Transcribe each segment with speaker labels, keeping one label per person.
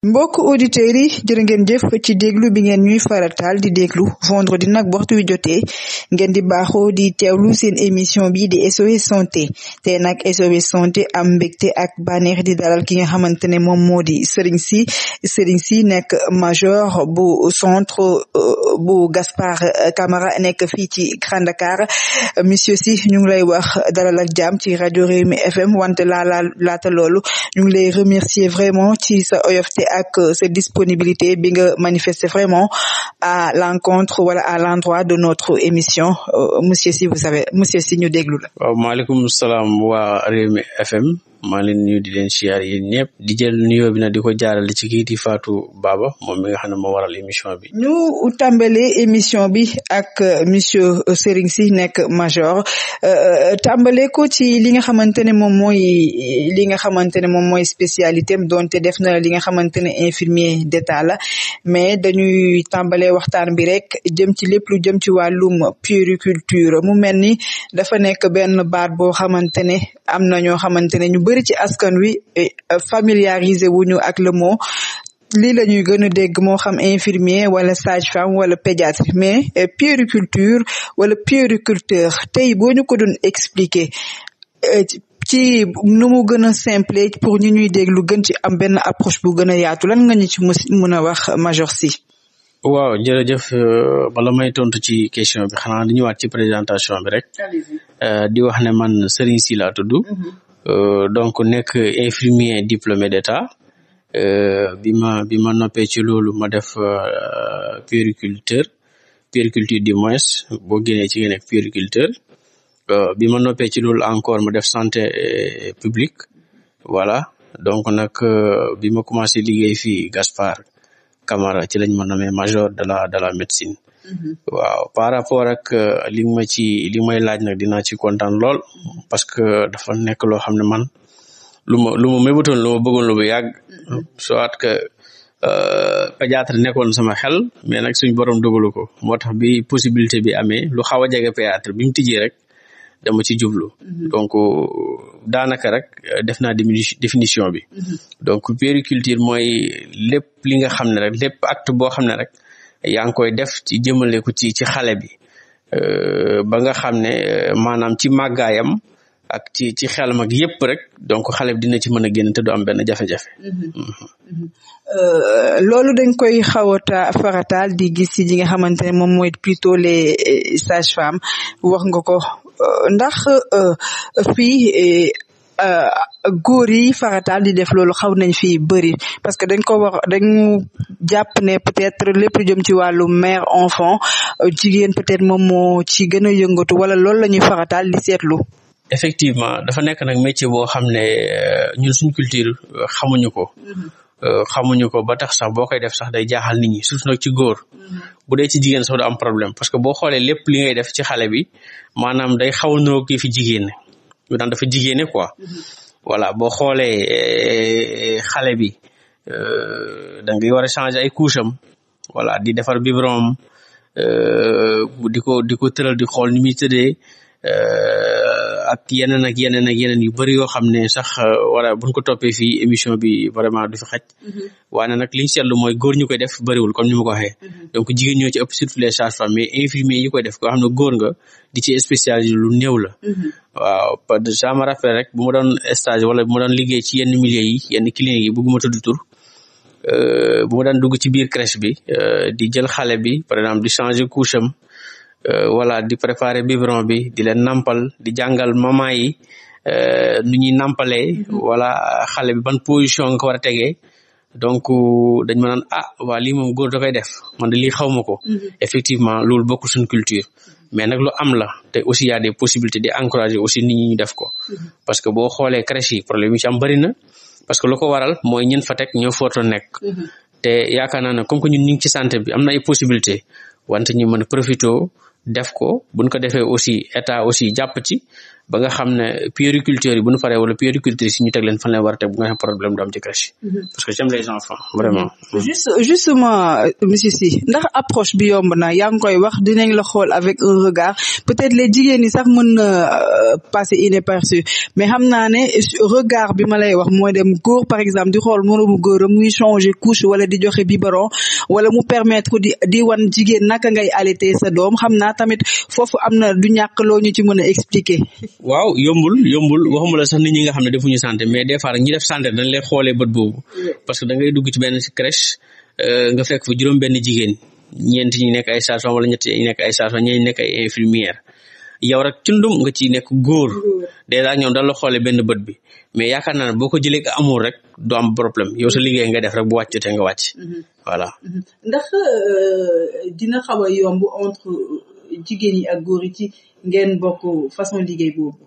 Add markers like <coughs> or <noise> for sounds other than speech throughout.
Speaker 1: mbokk auditeurs yi jërë ngeen jëf ci déglu bi ngeen ñuy farataal di déglu vendredi nag waxtu wi jotee ngeen di baaxoo di teewlu seen émission bi di SOS santé te nag SOS santé am mbégte ak bànneex di dalal ki nga xamante ne moom moo di Serigne Sy Serigne Sy nekk major bu centre euh, bu Gaspard Camara nekk fii ci Grand Dakar monsieur ñu ngi lay wax dalal ak jàmm ci rajo Rewmi FM wante laala laata loolu ñu lay remercier vraiment ci sa oyofte ak sa euh, disponibilité bi nga manifester vraiment à l'encontre wala à l'endroit de notre émission euh, monsieur si vous savez monsieur Sy ñu déglu la.
Speaker 2: waaw maaleykum salaam waa Rewmi FM. maa leen nuyu di leen siyaar yéen ñëpp di jël nuyoo bi nag di ko jaarale ci kii di Fatou Baba moom mi nga xam ne moo waral émission bi.
Speaker 1: ñu tàmbale émission bi ak euh, monsieur euh, Serigne Sy nekk major euh, tàmbale ko ci li nga xamante ne moom mooy li nga xamante ne moom mooy spécialité am donte def na li nga xamante ne infirmier d'état mais dañuy tàmbale waxtaan bi rek jëm ci lépp lu jëm ci wàllum culture mu mel ni dafa nekk benn baat boo xamante ne. am na ñoo xamante ne ñu bëri ci askan wi eh, familiarisé wuñu ak le mot lii la ñuy gën a dégg moo xam infirmier wala sage-femme wala pédiatre mais et eh, puériculture wala puériculteur tey boo ñu ko doon expliquer eh, ci nu mu gën a simple pour ñu ñuy dégg lu gën ci am benn approche bu gën a yaatu lan nga ñu ci mën a wax Major Sy
Speaker 2: waaw jërëjëf euh, bala may tontu ci question bi xanaa di ñëwaat ci présentation bi rek euh, di wax ne man Serigne Sy laa tudd mhm. euh, donc nekk infirmier diplômé d'état bi ma bi ma noppee ci loolu ma def puériculteur puériculture di moins boo génnee ci nga nekk puériculteur bi ma noppee ci loolu encore ma def santé publique voilà donc nag bi ma commencé liggéey fii Gaspard Camara ci lañ ma nommé major de la de la médecine mm-hmm. waaw par rapport ak euh, li ma ci li may laaj na dinaa ci kontaan lool parce que dafa nekk loo xam ne man lu ma lu ma mébatoon lu ma bëggoon lu bu yàgg mm-hmm. soit que euh, pédiatre nekkoon sama xel mais nag suñ borom dogalu ko moo tax bi possibilité bi amee lu xaw a jege pédiatre bi mu tijjee rek dama ci jublu mm-hmm. donc euh, daanaka rek euh, def naa définition bi mm-hmm. donc puériculture mooy lépp li nga xam ne rek lépp acte boo xam ne rek yaa ngi koy def ci jëmale ko ci ci xale bi euh, ba nga xam ne euh, maanaam ci màggaayam ak ci ci xel mag yépp rek donc xale bi dina ci mën a génn te du am benn jafe-jafe. Mm-hmm.
Speaker 1: Mm-hmm. loolu dañ koy xawata farataal di gis ci ñi nga xamante ne moom mooy plutôt les sages-femmes wax nga ko Euh, ndax euh, fii euh, góor yi farataal di def loolu xaw nañ fi bëri parce que dañ ko wax dañu jàpp ne peut-être lépp jëm ci wàllu mère enfant jigéen peut-être moom moo ci gën a yëngatu wala loolu la ñuy farataal di seetlu.
Speaker 2: effectivement dafa nekk nag ci boo xam ne ñun suñ culture xamuñu ko. Mm-hmm. Euh, xamuñu ko ba tax sax boo koy def sax day jaaxal nit ñi surtout no ci góor mm-hmm. bu dee ci jigéen sax da am problème parce que boo xoolee lépp li ngay def ci xale bi maanaam day xaw a kii fi jigéen ñu daan dafa jigéene quoi mm-hmm. voilà boo xoolee eh, xale bi euh, da ngay war a changer ay couche am di defar biberon am euh, di ko di ko tëral di xool ni muy tëddee Euh, ak yeneen ak yeneen ak yeneen yu bëri yoo xam ne sax wala euh, buñ ko toppee fii émission bi vraiment du fi xaj mm-hmm. waane nag liñ seetlu mooy góor ñu koy def bëriwul comme ni ma ko waxee mm-hmm. donc jigéen ñoo ci ëpp surtout les sages-femmes mais infirmiers yi koy def ko xam ne góor nga di ci spécialisé lu néew la mm-hmm. waaw ça rek bu ma doon stage wala ma doon liggéey ci yenn milieu yi yenn clinique yi bëgguma tudd tur euh, bu ma daan dugg ci biir crèche bi di jël xale bi par exemple di changer couche am Euh, voilà di préparer biberon bi di leen nampal di jàngal maman yi euh, nu ñuy nampalee mhm. voilà xale bi ban position nga ko war a tegee donc euh, dañ ma naan ah waa li moom góor da koy def man de lii xaw ma ko. Mhm. effectivement loolu bokk suñu culture. Mhm. mais nag lu am la te aussi y a des di encourager aussi nit ñi ñu def ko. parce que boo xoolee crèche yi problème yi ci am na parce que lu ko waral mooy ñen fa teg ñoo footo nekk. te yaakaar naa ne comme que ñun ñu ngi ci sante bi am na ay possibilités wante ñu mën a profité. def ko buñ ko defee aussi état aussi jàpp ci ba nga xam ne puériculteurs yi bu ñu paree wala puéricultrices yi ñu teg leen fan leen war a teg bu nga xam problème du am ci crèche mhm. parce que j'aime vraiment
Speaker 1: mhm. juste justement euh, monsieur Sy ndax approche bi yomb na yaa ngi koy wax dinañ la xool avec un regard peut-être les jigéen ñi sax mën na euh, passer inaperçu mais xam naa ne regard bi ma lay wax mooy dem góor par exemple di xool moroomu góoram muy changer couche wala di joxe biberon wala mu permettre di di wan jigéen naka ngay allaiter sa doom xam naa tamit foofu am na du ñàkk loo ñu ci mën a expliquer <laughs>
Speaker 2: waaw yombul yombul waxuma la sax nit ñi nga xam ne defuñu santé mais des fois ñi def santé dañ lay xoolee bët boobu mm. parce que da ngay dugg ci benn crèche euh, nga fekk fa juróom benn jigéen ñeent ñi nekk ay sages-femmes wala ñett ñi nekk ay sages-femmes nekk ay infirmière yow rek cundum nga ciy nekk góor dèjà ñoom dañ la xoolee benn bët bi mais yaakaar naa ne boo ko jëlee ak amour rek doom am problème yow sa liggéey nga def rek bu wàcc jotee nga wàcc mm-hmm. voilà.
Speaker 1: Mm-hmm. ndax euh, dina xaw a yomb jigéen yi ak góor yi ci ngeen bokk façon liggéey boobu.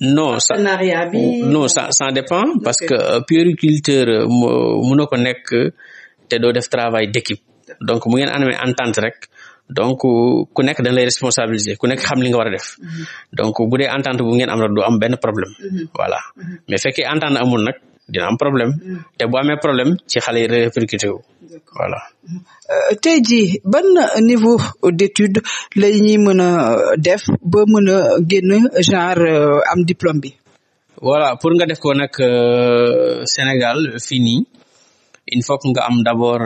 Speaker 1: non ça non
Speaker 2: ça ça dépend parce que euh, puériculteur euh, mun na ko nekk te doo def travail d'équipe donc mu ngeen amee entente rek. donc euh, ku nekk da lay responsabiliser ku nekk xam li nga war a def mhm. donc bu dee entente bu ngeen am rek du am benn problème mhm. voilà mhm. mais fekkee entente amul nag dina am problème te bu amee problème ci xale yi voilà.
Speaker 1: Euh, tey jii ban niveau d'étude la ñuy mën a euh, def ba mën a génn genre euh, am diplôme bi.
Speaker 2: voilà pour nga def ko nag Sénégal fii nii il faut que nga am d'abord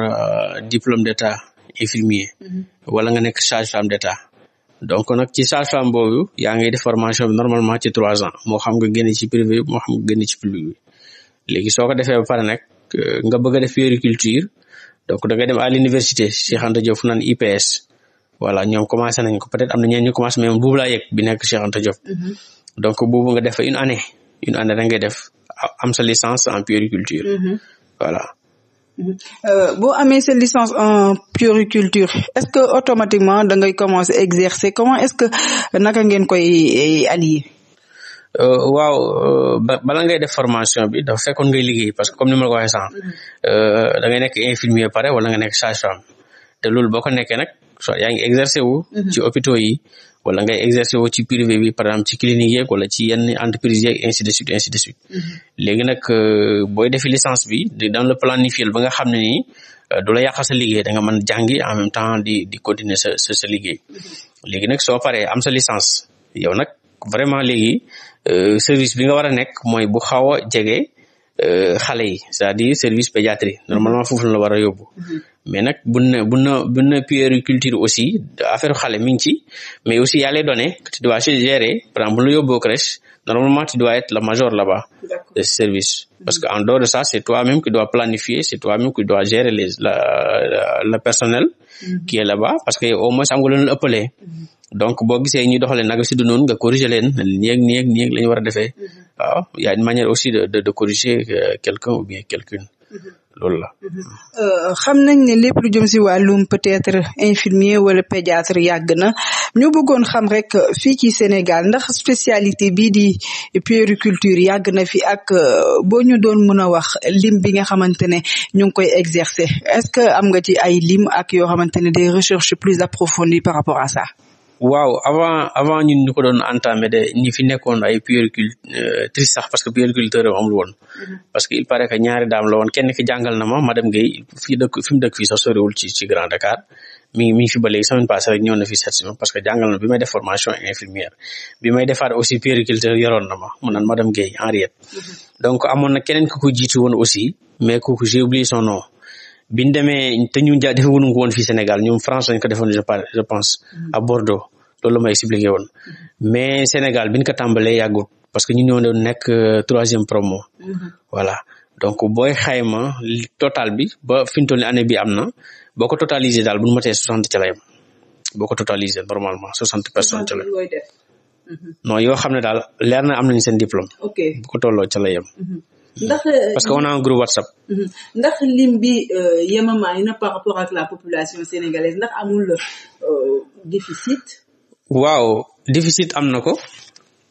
Speaker 2: diplôme d'état infirmier. Mhm. wala nga nekk sage-femme d'état. donc nag ci sage-femme boobu yaa ngi def formation bi normalement ci trois ans moo xam nga génne ci privé moo xam nga génne ci public bi léegi soo ko defee ba pare nag nga bëgg a def puériculture. donc da ngay dem à l'université Cheikh Anta Diop IPS voilà ñoom commencé na ñeen ñu commencé mais moom boobu laa mhm. donc boobu nga def fa une année une année da ngay def am sa licence en puériculture mhm. voilà
Speaker 1: mhm. Euh, boo sa licence en puériculture est-ce que automatiquement da ngay commencer exercer comment est-ce que naka ngeen koy eh, allier
Speaker 2: Euh, waaw euh, bala ngay def formation bi dafa fekkoon ngay liggéey parce que comme ni ma la ko waxee sànq mm-hmm. euh, da ngay nekk infirmier pare wala nga nekk sage-femme te loolu boo ko nekkee nag soit yaa ngi exercer wu. Mm-hmm. ci yi wala ngay exercer wu ci privé bi par exemple ci clinique yeeg wala ci yenn entreprise yeeg ainsi de suite ainsi mm-hmm. léegi nag booy defi licence bi daan la planifier ba nga xam ne nii du la yàqal sa liggéey da nga mën jàngi en temps di di continuer sa sa sa liggéey léegi nag soo paree am sa licence yow nag vraiment léegi. Euh, service bi nga war a nekk mooy bu xaw a jege euh, xale yi c'est-à-dire service pédiatrie normalement foofu la war a yóbbu mm-hmm. mais nag bu na bu na bu na puériculture aussi affaire xale mi ngi ci mais aussi y a les données que tu dois se normalement tu dois être la major là-bas service mm-hmm. parce que en dehors de c'est toi-même qui dois planifier c'est toi-même qui dois gérer les la, la, le personnel Mm-hmm. kii la parce que au moins am nga leen ëppalee mm-hmm. donc boo gisee ñu doxalee nag si du noonu nga corriger leen nii ak nii ak nii la ñu war a mm-hmm. aussi de de, de corriger euh, quelqu'un ou bien quelqu'une loolu la.
Speaker 1: Euh, xam nañ ne lépp lu jëm si wàllum peut-être infirmier wala pédiatre yàgg na ñu bëggoon xam rek fii ci Sénégal ndax spécialité bii di puériculture yàgg na fi ak euh, boo ñu doon mën a wax lim bi nga xamante ne ñu ngi koy exercer est-ce que am nga ci ay lim ak yoo xamante ne des recherches plus approfondies par rapport à sa
Speaker 2: waaw avant avant ñun ñu ko doon entamé de ñi fi nekkoon ay puéricultrice euh, sax parce que puériculteur yoo amul woon mhm. parce que il paraît que ñaari daam la woon kenn ki jàngal na ma Madame Guèye fii dëkk fi sax soriwul ci ci Grand Dakar mi fi ba léegi semaine passée na fi sept semaines parce que jàngal na bi may def formation infirmière bi may defaat aussi puériculteur yoroon na ma mu naan Madame Guèye Henriette mhm. donc amoon na keneen ku ko jiitu aussi mais kooku j'ai oublié son nom biñ demee te ñun ja defewuñu koon woon fii Sénégal ñoom France lañ ko defoon je je pense à mm-hmm. Bordeaux loolu la ma expliqué woon mm-hmm. mais Sénégal biñ ko tàmbalee yàggut parce que ñu ñoo doon nekk euh, troisième promo mm-hmm. voilà donc booy xayma total bi ba fi ñu toll nii bi am na boo ko totalisé daal bu ñu matee soixante ca la yem boo ko totalisé normalement soixante personnes ca la non yoo xam ne daal leer na am nañ seen diplôme bu ko tolloo ca la yem
Speaker 1: Euh, parce que on a un groupe WhatsApp. Mhm. ndax lim bi euh, yemamaay na par rapport ak la population sénégalaise ndax amul euh, déficit.
Speaker 2: waaw déficit am na ko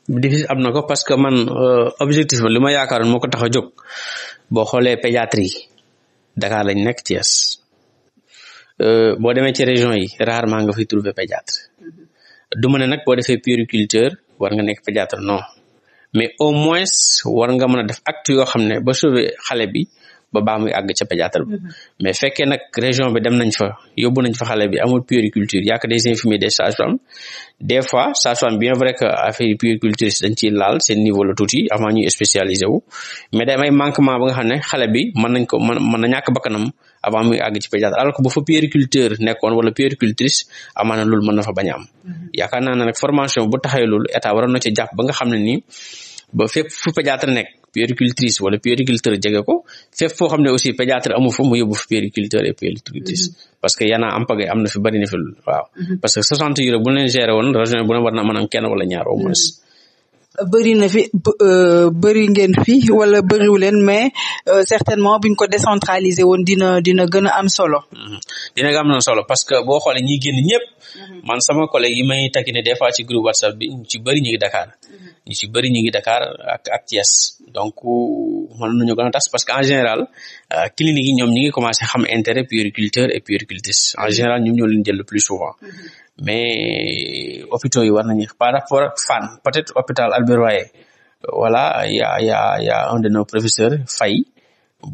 Speaker 2: déficit am na ko parce que man objectif bi li ma yaakaaroon moo ko tax a jóg boo xoolee pédiatrie Dakar lañ nekk Thiès boo demee ci région yi rarement nga fiy trouver pédiatre mhm. du ma ne nag boo defee puériculture war nga nekk pédiatre non. mais au moins war nga mën a def acte yoo xam ne ba sauver xale bi ba baa muy àgg ca pédiatre bi mm-hmm. mais fekkee nag région bi dem nañ fa yóbbu nañ fa xale bi amul puériculture yaaka des infirmiers des sages-femmes des fois sage-femme bien vrai que affaire puériculture dañ ciy laal seen niveau la tuuti avant ñuy spécialisé wu mais day am ay manquement ba nga xam ne xale bi mën nañ ko mën mën na ñàkk bakkanam avant muy àgg ci pédiatre alors que bu fa puériculteur nekkoon wala puéricultrice amaana loolu mën na fa bañ a am mhm. yaakaar formation bu taxawee loolu état waroon na ci jàpp ba nga xam ne nii ba fépp fu pédiatre nekk puéricultrice wala puériculteur jege ko fépp foo xam ne aussi pédiatre amu fa mu yóbbu fa puériculteur et puéricultrice mhm. parce que yana am pagay am na fi bari na fi waaw mhm. parce que soixante euro bu leen géré woon région bu na am kenn wala ñaar au moins
Speaker 1: bëri na fi euh, bëri ngeen fi wala bëriwu leen mais euh, certainement buñ ko décentraliser woon dina dina gën a am solo. Mm-hmm.
Speaker 2: dina am solo parce que boo xoolee ñi génn ñëpp. Mm-hmm. man sama collègue yi may takkine des fois ci groupe WhatsApp bi ñu ci bëri ñu ngi Dakar. Mm-hmm. ñu ci bëri ñu ngi Dakar ak ak Thiès donc mën nañu gën a tas parce que en général euh, clinique yi ñoom ñu ngi commencé xam intérêt puériculteur et puéricultrice en général ñoom ñoo leen jël le plus souvent. mais hôpitaux yi war nañu par rapport ak Fann peut-être hôpital Albert Royer voilà y a y a y a un de nos professeurs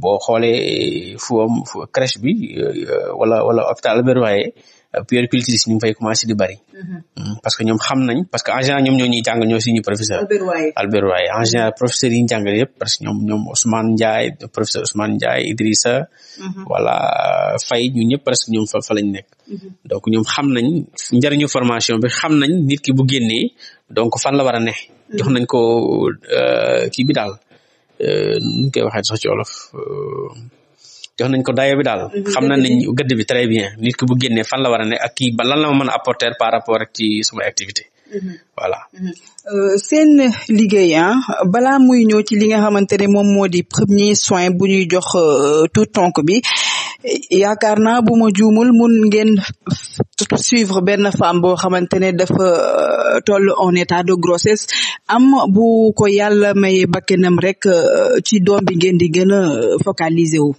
Speaker 2: boo xoolee fu am crèche bi wala euh, euh, wala hôpital Albert Royer puéricultrice ñu ngi fay commencé di bari. Mhm. Mm, parce que ñoom xam nañ parce que en général ñoom ñoo ñuy jàng ñoo suñu professeur. Albert Waye Albert Waye yi ñu jàngale parce que ñoom ñoom Ousmane Ndiaye professeur Ousmane Ndiaye Idrissa. Mhm. voilà Faye ñun ñëpp parce ñoom fa fa nekk. Mhm. donc ñoom xam nañ njëriñu formation bi xam nañ nit ki bu génnee donc fan la war a ne. jox nañ ko euh, kii bi daal euh, nu ñu koy waxee sax ci euh, jox nañ ko dayo bi daal xam nañ nañ gëdd bi très bien nit bu génnee fan la war ne ak kii ba lan la ma mën a par rapport ak ci sama activité mhm. voilà
Speaker 1: mhm. Euh, seen liggéey ah balaa muy ñëw ci li nga xamante ne moom moo di premier soin bu ñuy jox euh, tout tonk bi yaakaar naa bu ma juumul mun ngeen suivre benn femme boo xamante ne dafa euh, toll en état de grossesse am bu ko yàlla maye bakkenam rek ci doom bi ngeen di gën a focaliser wu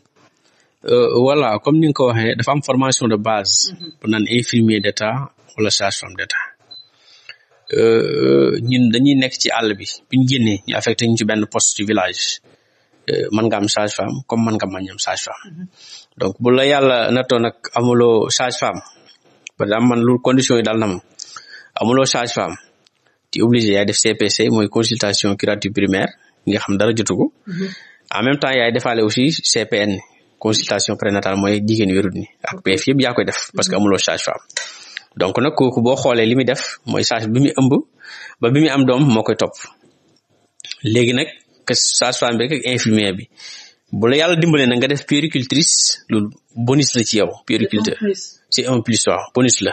Speaker 2: Euh, voilà comme ni nga ko waxee dafa am formation de base. bu mhm. naan infirmier d' état wala sage-femme d' état euh, ñun dañuy nekk ci àll bi bu ñu génnee ñu affecté ñu ci benn poste ci village euh, man nga am sage-femme comme man nga mañ am sage-femme mhm. donc bu la yàlla nattoo nag amuloo change femme par exemple man lu condition yi daal na ma amuloo change femme ti obligé yaay def CPC mooy consultation curative primaire nga xam dara jotu ko mhm. en même temps yaay defaale aussi CPN. consultation prénatale mooy jigéen wérut ni ak PF yëpp yaa koy def parce que amuloo sage-femme donc nag kooku boo xoolee li def mooy sage bi muy ëmb ba bi muy am doom moo koy topp léegi nag que sage-femme bi ak infirmier bi bu la yàlla dimbalee na nga def puéricultrice loolu bonus la ci yow puériculteur c'est un plus waaw bonus la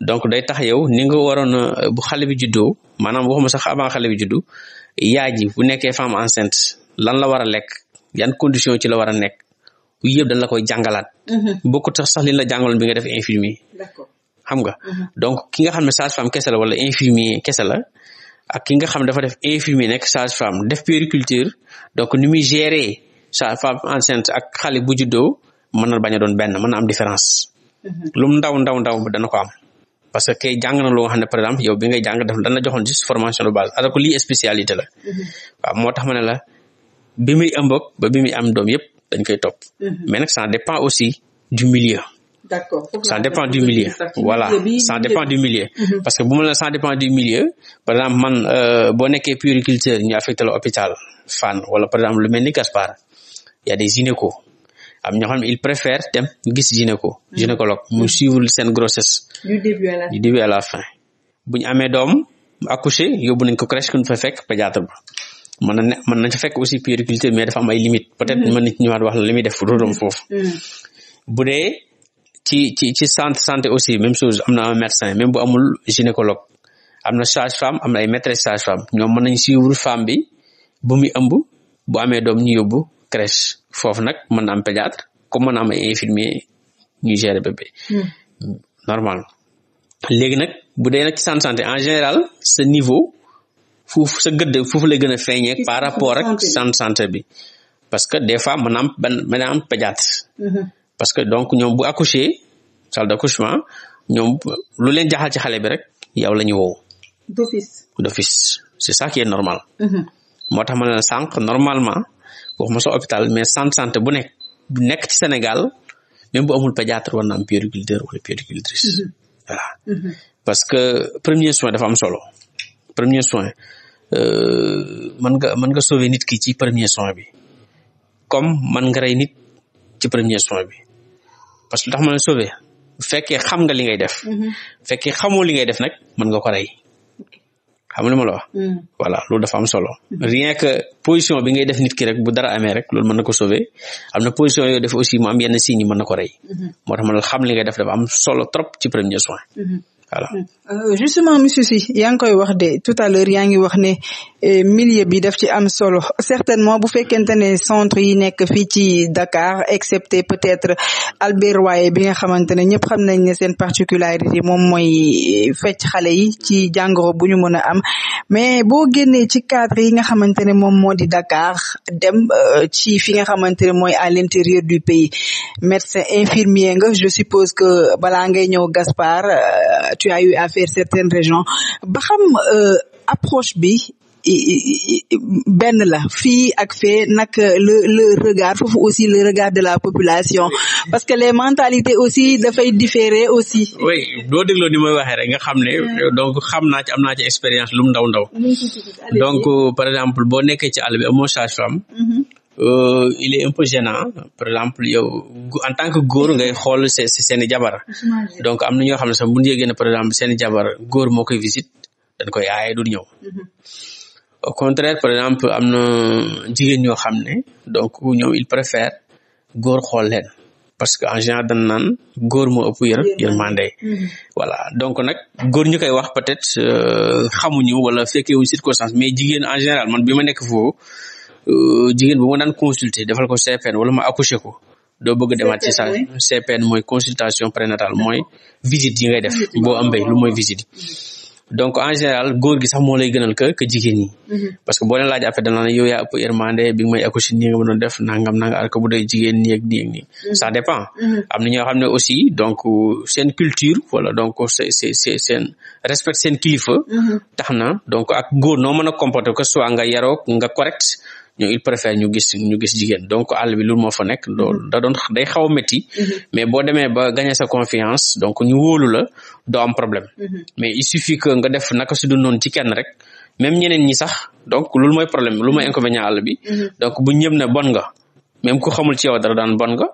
Speaker 2: donc day tax yow ni nga waroon bu xale bi juddoo maanaam waxuma sax avant xale bi juddu yaay ji bu nekkee femme enceinte lan la war a lekk yan condition ci la war a nekk yëpp dañ la koy jàngalaat mhm. bokkut sax sax li la jàngaloon bi nga def infirmier xam nga mhm. donc ki nga xam ne sage-femme kese la wala infirmier kese la ak ki nga xam dafa def infirmier nekk sage-femme def puériculture donc ni muy gérer sage-femme enceinte ak xale bu juddoo mën na bañ a doon am différence mhm. lu mu ndaw ndaw ndaw dana ko am parce que kay jàng na loo ne par exemple yow bi ngay jàng def dana joxoon juste formation de base alors lii spécialité la waaw moo tax ma ne la bi muy ëmb ba bi muy am doom yëpp dañ koy topp. Mhm. mais nag ça dépend aussi du milieu.
Speaker 1: d'accord ça dépend du milieu voilà ça dépend du milieu mhm. que
Speaker 2: bu ma la ça dépend par exemple man euh, boo nekkee puériculteur ñu affecté la hôpital Fann wala par exemple lu mel ni Gaspard y a des am ñoo xam ne ils préfèrent dem gis gynéco mhm. gynécologue mu suivre seen grossesse du début à la fin bu ñu amee doom accouché yóbbu nañ ko crèche ku ñu fa fekk ba mën na ne mën ci fekk aussi puériculture mais dafa am ay limites peut-être mm-hmm. mën ci wax la li def rôlam mm-hmm. foofu mm-hmm. bu dee ci ci ci centre santé aussi même chose am na un médecin même bu amul gynécologue am na sage-femme am na ay maîtresse sage-femme ñoom man nañ suivre femme bi bu muy ëmb bu amee doom ñu yóbbu crèche foofu nag mën na am pédiatre comme man na am ay infirmier ñu gérer bébé normal léegi nag bu dee nag ci centre santé en général ce niveau foofu sa foofu la gën a feeñee par rapport ak centre santé bi parce que des fois mën na am benn mën na pédiatre mm-hmm. parce que donc ñoom bu accoucher salle d'accouchement ñoom lu leen jaaxal ci xale bi rek yow la ñu woow d'office d'office c'est ça qui normal mm-hmm. moo tax ma ne la sànq normalement waxuma sa hôpital mais centre santé bu nekk nekk ci Sénégal même bu amul pédiatre war na am puériculteur wala mm-hmm. parce que premier soin dafa am solo premier soin euh, man nga mën nga sauver nit ki ci premier soin bi comme mën nga rey nit ci premier soin bi parce que lu tax mën a sauver bu fekkee xam nga li ngay def. Mhm. bu fekkee xamoo li ngay def nag mën nga ko rey. xam nga li ma la wax. Mhm. voilà loolu dafa am solo. Mhm. rien que position bi ngay def nit ki rek bu dara amee rek loolu mën na ko sauver am na position yooyu def aussi mu am yenn signes yi na ko rey. moo tax ma xam li ngay def dafa am solo trop ci premier soin. voilà.
Speaker 1: Euh, justement monsieur Sy yaa ngi koy wax de tout à l'heure yaa ngi wax ne euh, milieu bi def ci am solo certainement bu fekkente ne centre yi nekk fii ci Dakar excepté peut-être Albert Royer bi nga xamante ne ñëpp xam nañ ne seen particularité moom mooy euh, fecc xale yi ci jàngoro bu ñu mën a am mais boo génnee ci cadre yi nga xamante ne moom moo di Dakar dem ci fi nga xamante ne mooy à l'intérieur du pays médecin infirmier nga je suppose que balaa ngay ñëw Gaspard tu as eu à certaines régions ba xam euh, approche bi benn la fii ak fee nag le le regard foofu aussi le regard de la population parce que les mentalités aussi dafay différer aussi
Speaker 2: oui doo dégloo ni mooy waxee rek nga xam ne ah. donc xam naa ci am naa ci expérience lu ndaw ndaw donc euh, par exemple boo nekkee ci àll bi amoo sage-femme mm-hmm. Euh, il est un peu gênant par exemple yow en tant que góor ngay xool seen seen i jabar donc am na ñoo xam ne sax bu ñu yëgee ne par moo koy visite dañ koy aaye
Speaker 3: mm-hmm.
Speaker 2: exemple am na jigéen ñoo xam ne donc ñoom il préfère góor xool leen parce que en général dañ naan góor moo ëpp yër yërmande mm-hmm. donc nag góor ñu koy wax peut-être euh, xamuñu wala fekkee wuñ circonstance mais jigéen en général man bi nekk foofu Euh, jigéen bu ma daan consulter defal ko CPN wala ma accoucher ko doo bëgg demaat ci sa CPN mooy consultation prénatale mooy visite yi ngay def boo ëmbee lu mooy visite donc en général góor gi sax moo lay gënal que que jigéen ñi mm-hmm. parce que boo leen dépend mm-hmm. am na ñoo ne aussi donc seen culture wala donc seen respect seen kilifa mm-hmm. tax donc ak góor noo a comporter que soit nga yaroo nga correct ñu il préfère ñu gis ñu gis jigéen donc àll bi loolu moo fa nekk loolu mm-hmm. da day xaw a métti mm-hmm. mais boo demee ba gagné sa confiance donc ñu wóolu la doo am problème mm-hmm. mais il suffit que nga def naka si du noonu ci kenn rek même ñeneen ñi sax donc loolu mooy problème lu mooy inconvénient àll bi donc bu ñëpp na bon nga même ku xamul ci yow dara daan bon nga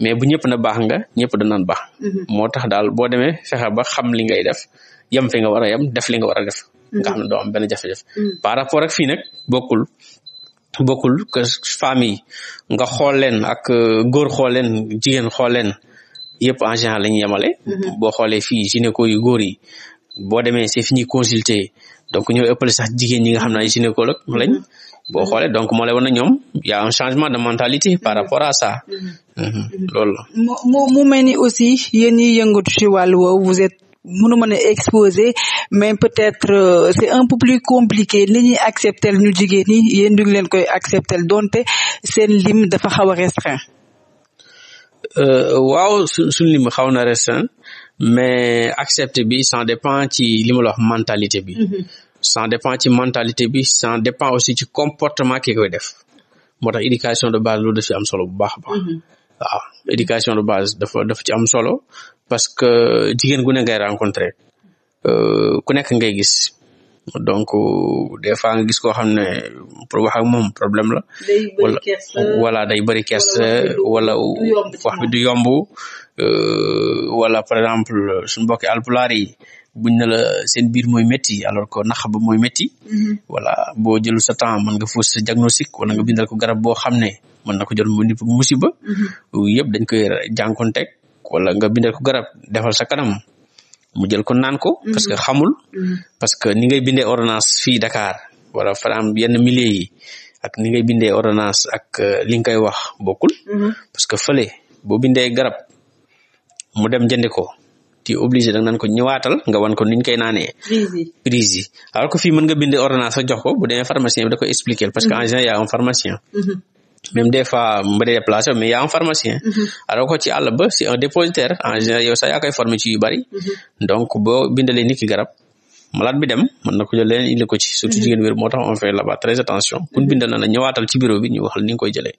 Speaker 2: mais bu ñëpp na baax nga ñëpp danaan baax moo tax daal boo demee fexe ba xam li ngay def yem fi nga war a yem def li nga war a def xam ne doo am benn jafe bokkul famille nga xool leen ak euh, góor xool leen jigéen xool leen yëpp en général la ñu yemale. Mhm. boo xoolee fii gynéco yu góor yi boo demee c'est fi ñuy consulter donc ñoo ëppale sax jigéen ñi nga xam ne ay gynécologue lañ mhm. boo xoolee donc moo lay na ñoom y a un changement de mentalité par mhm. rapport a ça. loolu
Speaker 1: mu mu aussi yéen ñiy yëngatu ci vous êtes ma ne exposé mais peut-être euh, c'est un peu plus compliqué li ñuy accepter ñu jigéen ñi yéen du leen koy accepter donte seen lim dafa xaw a restreint.
Speaker 2: Euh, waaw su suñ lim xaw na restreint mais accepter bi ça dépend ci li ma la wax mentalité bi. Mm-hmm. ça dépend ci mentalité bi ça dépend aussi ci comportement ki koy def moo tax éducation de base loolu daf am solo bu baax a baax. Mm-hmm. éducation de base dafa dafa ci am solo parce que jigéen gu ne ngay rencontré euh, ku nekk ngay gis donc euh, des fois nga gis koo xam ne pour wax ak moom problème la. wala day bëri kersa wala wax bi du yomb. wala euh, par exemple suñ mbokki alpulaar yi buñ na la seen biir mooy métti alors que nax ba mooy métti. voilà mm-hmm. boo jëlu sa temps mën nga fóos sa diagnostic wala nga bindal ko garab boo xam ne mën na ko jot mu musiba.
Speaker 3: Mm-hmm.
Speaker 2: yëpp dañ koy jànkoonteeg. wala nga bindal ko garab defal sa kanam mu jël ko naan ko. Mhm. parce que xamul. Mhm. parce que ni ngay bindee ordonnance fii Dakar wala faram yenn milliers yi ak ni ngay bindee ordonnance ak euh, li nga koy wax bokkul. Mhm. parce que fële boo bindee garab mu dem jënde ko ti obligé da nga ko ñëwaatal nga wan ko ni ñu koy naanee. prise yi alors que fii mën nga bindee ordonnance ak jox ko bu demee pharmacien bi da expliquer parce que en pharmacien. même des fois mu déplacé mais y a un pharmacien. Mm-hmm. ci àll ba c'est un dépositaire en général yow sax yaa koy formé ci yu bari. Mm-hmm. donc boo bindalee nit ki garab. malade bi dem mën na ko jël leneen surtout mm-hmm. jigéen wér moo tax on fait là très attention kun bindal na la ci bureau bi ñu wax koy jëlee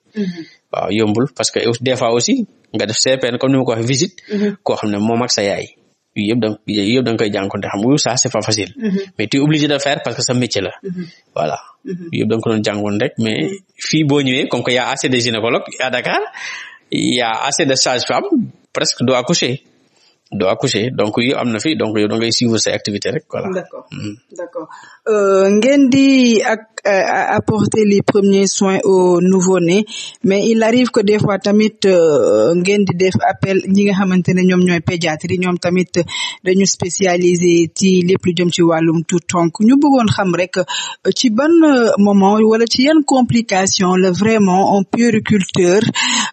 Speaker 2: waaw yombul parce que des aussi nga def CPN comme ni ma ko waxee visite koo xam ne moom ak sa yaay yooyu yëpp da yooyu yëpp da nga koy jànkonte xam nga ça c'est pas facile. Mm-hmm. mais tu obligé de faire parce que sa métier la. Mm-hmm. voilà yooyu mm-hmm. yëpp da nga ko doon rek mais fii boo ñëwee comme que y a de gynécologues à Dakar y a de sages-femmes presque doo accoucher. doo accoucher donc yi am na fi donc yow da ngay suivre sa activité rek voilà.
Speaker 1: d'accord mhm. d'accord euh, ngeen di ak euh, apporter les premiers soins aux nouveau-nés mais il arrive que des fois tamit euh, ngeen di def appel ñi nga xamante ne ñoom ñooy pédiatrie ñoom tamit dañu spécialisé ci lépp lu jëm ci wàllum tout tonk ñu bëggoon xam rek ci ban moment wala ci yan complication la vraiment un puériculteur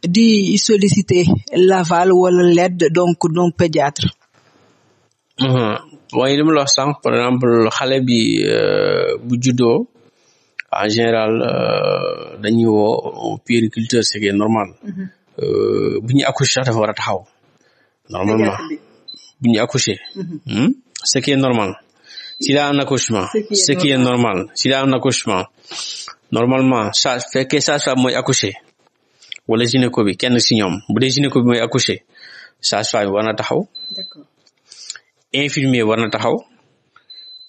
Speaker 1: di solliciter l'aval wala l'aide donc don pédiatre
Speaker 2: mhm. mooy li mu la wax sànq par exemple xale bi euh, bu juddoo en général euh, dañuy woo puériculteur c'est normal mhm. euh, bu ñuy accoucher sax dafa war a taxaw normalement bu ñuy accoucher mhm. hmm? ce qui est normal s'il y a un accouchement ce qui est normal s'il y a un accouchement sage fekkee sage femme mooy accoucher wala gynéco bi kenn si ñoom bu dee gynéco bi mooy accoucher sage-femme war na taxaw infirmier war na taxaw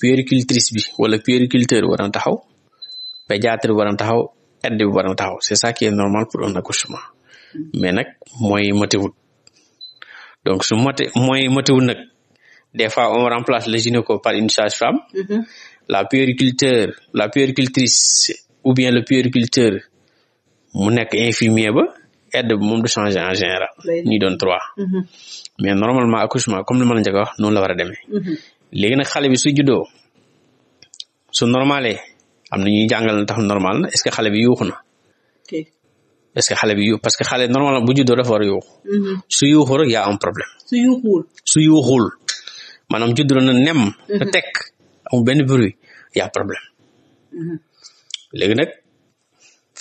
Speaker 2: puéricultrice bi wala puériculteur war na taxaw pédiatre bi war taxaw aide bi war taxaw c'est ça qui est normal pour un accouchement mm. mais nag mooy matewul donc su mate mooy matewul nag des fois on remplace le gynéco par une sage-femme mm -hmm. la puériculteur la puéricultrice ou bien le puériculteur mu nekk infirmier ba aide moom du changer en général ñuy doon trois mm-hmm. mais normalement accouchement comme li ma la njëkk wax noonu la war a demee mm-hmm. léegi nag xale bi su juddoo su normalee am na ñuy jàngal na tax normal na est-ce que xale bi yuuxu na est-ce que xale bi yu parce que xale normalement bu juddoo dafa war
Speaker 1: mm-hmm.
Speaker 2: su yuuxu rek yaa am problème su yuuxul su yuuxul maanaam juddoo na nem na tekk amul benn bruit yaa problème léegi nag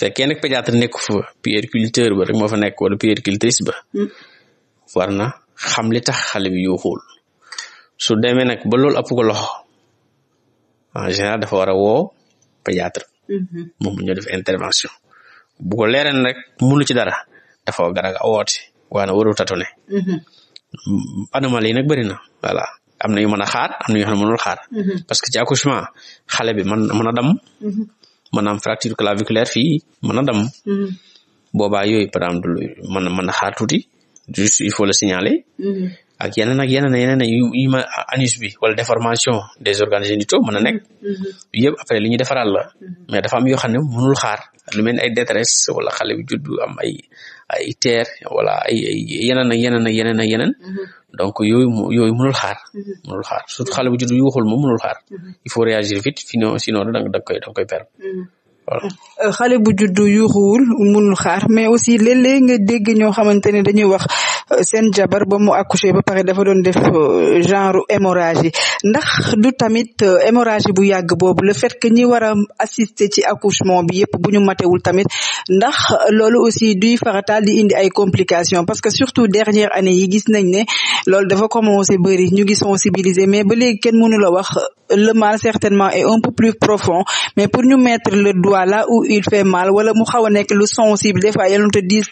Speaker 2: fekkee nag pédiatre nekku fa puériculteur ba rek moo fa nekk wala puéricultrice ba hmm. war na xam li tax xale bi yuuxul su demee nag ba lool ëpp ko loxo en général dafa war a woo pédiatre hmm. moom ñoo def intervention bu ko leereen rek mënu ci dara dafa war a woote waa na waru tatone hmm. anomalie yi nag bëri na voilà am na yu mën a xaar am na yoo xam ne mënul xaar parce que ci accouchement xale bi mën mën a dam maanaam fracture claviculaire fii mën a dam mhm. boobaa yooyu par exemple mën mën a xaar tuuti juste il faut le signaler mhm. ak yeneen ak yeneen yeneen yu ma anus bi wala déformation des organes génitaux mën a nekk mhm. yëpp après li ñu defaral la mais dafa am yoo xam ne mënul xaar lu mel ni ay détresse wala xale bi juddu am ay ay teer wala ay ay yeneen ak yeneen a yeneen ak yeneen mhm. donc yooyu yooyu mënul xaar mhm. mënul xaar surtout xale bu judd yu waxul moom mënul xaar mhm. il faut réagir vite sinon sinon danga danga koy danga koy perdre
Speaker 1: voilà euh, xale bu juddu yuuxuwul mënul xaar mais aussi léeg-léeg nga dégg ñoo xamante ne dañuy seen jabar ba mu accouché ba pare dafa doon def euh, genre hémorragie ndax du tamit euh, hémorragie bu yàgg boobu le fait que ñi war a assister ci accouchement bi yëpp bu ñu matewul tamit ndax loolu aussi duy farataal di indi ay complication parce que surtout dernière année yi gis nañ ne loolu dafa commencé bëri ñu ngi sensibiliser mais ba léegi kenn mënu la wax le mal certainement est un peu plus profond mais pour ñu mettre le doigt la où il fait mal wala mu xaw a nekk lu sensible des fois yàlla te disent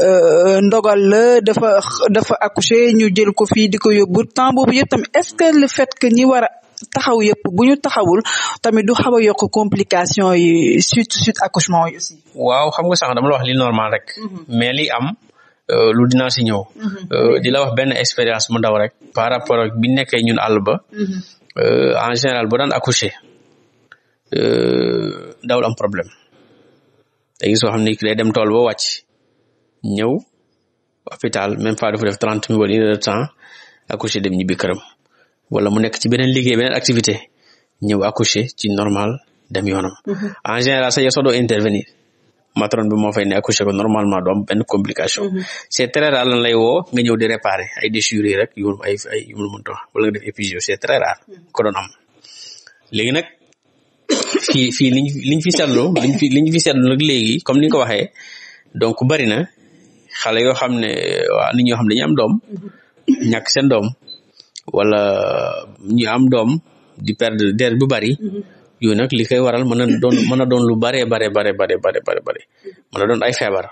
Speaker 1: Euh, ndogal la dafa dafa accoucher ñu jël ko fii di ko yóbbu temps boobu yëpp tamit est-ce que le fait que ñi war a taxaw yëpp bu ñu taxawul tamit du xaw a yokk complication yi suite suite accouchement
Speaker 2: waaw xam nga sax dama la wax li normal rek. Mhm. mais li am euh, lu dinaa si ñëw. Mhm. Euh, di la wax benn expérience mu daw rek. par rapport ak bi nekkee ñun àll ba. Mhm. en général boo daan accoucher dawul am problème. da ngay soo xam ni day dem tool ba wàcc. ñëw hôpital même pas dafa def trente minutes wala de temps accouché dem ñibbi mu nekk ci beneen liggéey beneen activité ñëw accouché ci normal dem yoonam. Mhm. en général sax yow sax doo intervenir matron bi moo fay ne accouché ko normalement du am benn complication. Mhm. c'est très rare lan lay woo nga ñëw di réparer ay déchirures yi rek yu ay ay yu mu mënta nga def épuisure c'est très mhm. ko doon am léegi nag. <coughs> fii fii liñ liñ fi seetlu liñ fi léegi comme ni nga ko waxee donc xale yoo xam ne waa nit ñoo xam ne dañu am doom mhm. ñàkk seen doom wala ñu am doom di perdre der bu bari mhm. yooyu nag li koy waral mën a doon mën a doon lu baree bare bare bare bare bare bare mën a doon ay feebar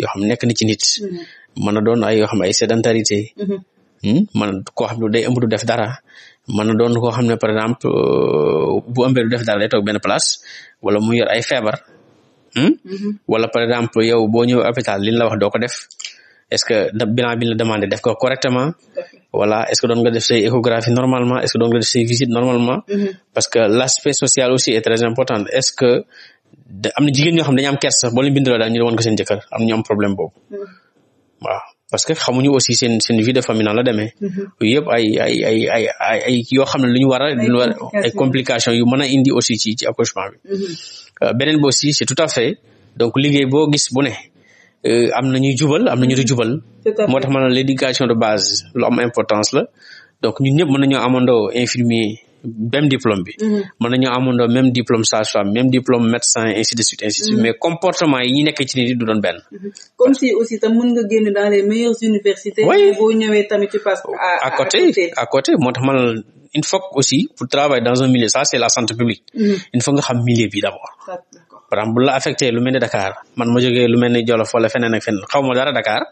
Speaker 2: yoo xam nekk na ci nit mhm. mën a doon ay yoo xam ay sédentarité man hmm? koo xam ne day ëmb def dara mën a doon koo xam ne par exemple euh, bu ëmbee du def dara day toog benn place wala mu yor ay feebar Hmm? Mm-hmm. wala par exemple yow boo ñëw hôpital li ñu la wax doo ko def est-ce que bilan bi ñu la demandé def ko correctement voilà est-ce que doon nga def say échographie normalement est-ce que doon nga def mm-hmm. que l'aspect social aussi est très important est-ce que am na jigéen ñoo xam dañu am kersa sax boo leen bindaloo daal ñu doon wan ko seen jëkkër am ñu am problème boobu mm-hmm. parce que xamuñu aussi seen seen vie de famille nan la demee mhm. yëpp ay ay ay ay yoo xam ne lu ñu war a ay complications yu mën a indi aussi ci ci accouchement bi mhm. euh, beneen bi aussi c'est tout à fait donc liggéey boo gis bu ne euh, am na ñuy jubal am na ñu di jubal moo tax maanaam l'éducation de base lu am importance la donc ñun ñëpp mën nañoo amandoo infirmier même diplôme bi. Mhm. mën nañoo amandoo même diplôme sage-femme même diplôme médecin ainsi de suite ainsi de suite mhm. mais comportement yi ñi nekk ci nit du doon benn.
Speaker 1: Mhm. comme côté
Speaker 2: à côté moo tax man il faut aussi pour travailler dans un milieu ça c'est la santé publique. il faut nga xam milieu bi d'abord. par exemple bu la affecté lu mel ni Dakar man ma jógee lu mel ni Jolof wala feneen ak feneen xaw ma dara Dakar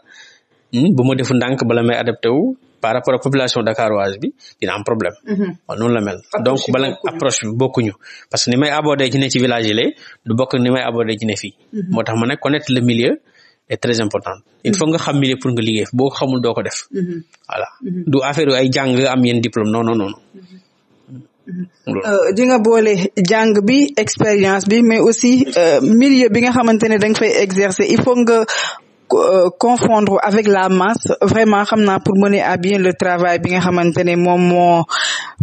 Speaker 2: hmm, bu ma defu ndànk bala may adapté wu. par rapport ak population dakaroise bi dina am problème. Mhm. waaw noonu la donc bala approche bi bokkuñu parce que ni may aborder ne ci village yi du bokk ni may aborder ne fii. Mhm. moo tax ma ne connaître le milieu est très important il faut mhm. nga xam milieu pour nga liggéey boo ko xamul doo ko def. voilà du affaire ay jàng am yenn diplôme non non non.
Speaker 1: Euh, boole jàng bi expérience bi mais aussi euh, milieu bi nga xamante ne da exercer il faut nga Euh, confondre avec la masse vraiment xam naa pour mener à bien le travail bi nga xamante ne moom moo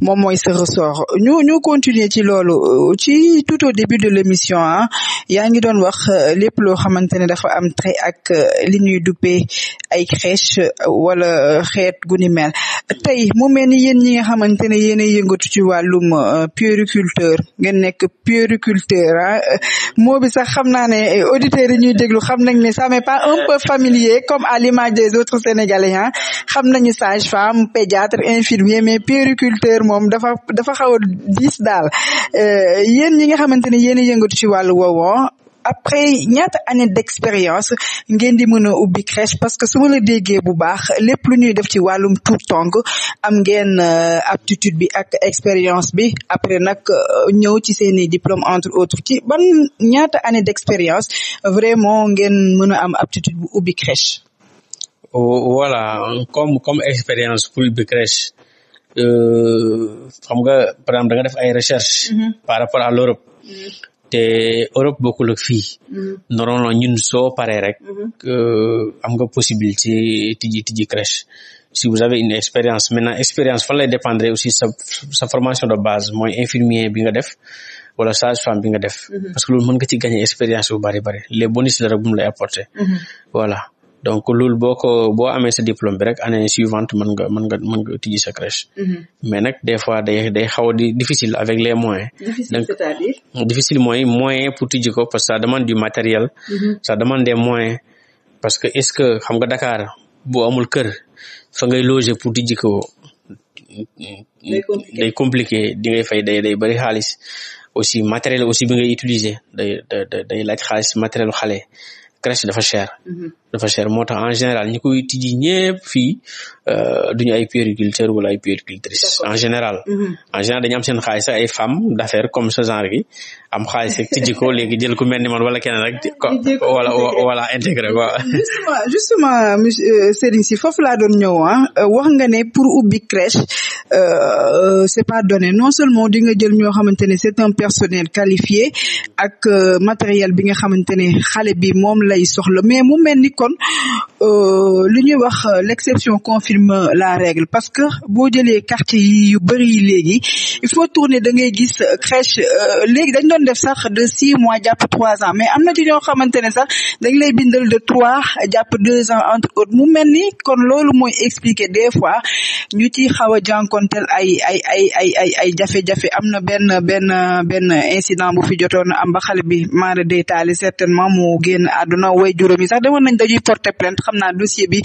Speaker 1: moom mooy sa ressort ñu ñu continuer ci loolu euh, ci tout au début de l'émission ah yaa ngi doon wax euh, lépp loo xamante ne dafa am trait ak li ñuy duppee ay crèche wala xeet gu tey mu mel ni yéen ñi nga xamante ne yéen a yëngatu ci wàllum puériculteur ngeen nekk puériculteur ah sax xam ne auditeurs yi déglu xam ne ça n'est pas peu familier comme à l'image des autres Sénégalais ah xam nañu sage-femme pédiatre infirmier mais puériculteur moom dafa dafa xaw a diis daal euh, yéen ñi nga xamante ne yéen a yëngatu ci wàllu woowu après ñaata année d'expérience ngeen di mën a ubbi crèche parce que su ma la déggee bu baax lépp lu ñuy def ci wàllum tout tong am ngeen euh, aptitude bi ak expérience bi après nag euh, ñëw ci seeni diplôme entre autres ci ban ñaata année d'expérience vraiment ngeen mën a am aptitude bu ubbi crèche
Speaker 2: oh, voilà comme comme expérience pour ubbi crèche euh, xam nga par nga def ay recherche mhm. par rapport à l'Europe mhm. te Europe bokkul ak fii mhm. normalement ñun soo paree rek mhm. euh, am nga possibilité tijji tijji crèche si vous avez une expérience maintenant expérience fan lay dépendre aussi sa sa formation de base mooy infirmier bi nga def wala sage-femme bi nga def mhm. parce que loolu mën nga ci gagner expérience bu bari bari les bonus la rek lay apporter voilà donc loolu boo ko boo amee sa diplôme bi rek année suivante mën nga mën nga mën nga tijji sa crèche mhm. mais nag des fois day day xaw a di difficile avec les moyens donc difficile mooy moyen pour tijji ko parce que ça demande du matériel mhm. demande des parce que est-ce que xam nga Dakar boo amul kër fa ngay loger pour tijji ko day compliqué di fay day day bëri xaalis aussi matériel aussi bi ngay utiliser day day laaj xaalis matériel xale crèche dafa cher mhm. dafa cher moo tax en général ñi koy tijji ñëpp fii euh, duñu ay puériculteurs wala ay puéricultrices en général mm-hmm. en général dañu am seen xaalis ay femmes d'affaires comme ce genre gi am xaalis rek tijji ko léegi jël ku mel ni man wala keneen rek wala wala intégré quoi
Speaker 1: justement justement monsieur euh, Serigne si foofu laa doon ñëw ah wax nga ne pour ubbi crèche c'est pas donné non seulement di nga jël ñoo xamante ne c'est un personnel qualifié ak matériel bi nga xamante ne xale bi moom lay soxla kon Euh, li ñuy wax euh, l'exception confirme euh, la règle parce que boo jëlee quartier yi yu bëri yi léegi il faut tourner da ngay gis crèche léegi dañ doon def sax de six mois jàpp trois ans mais am na ci ñoo xamante ne sax dañ lay bindal de trois jàpp deux ans entre autres mu mel ni kon loolu mooy expliquer des fois ñu ci xaw a jànkonteel ay ay ay ay ay ay jafe-jafe am na benn benn benn incident bu fi jotoon am ba xale bi maara day taali certainement mu génn àdduna way juróom mi sax demoon xam naa dossier bi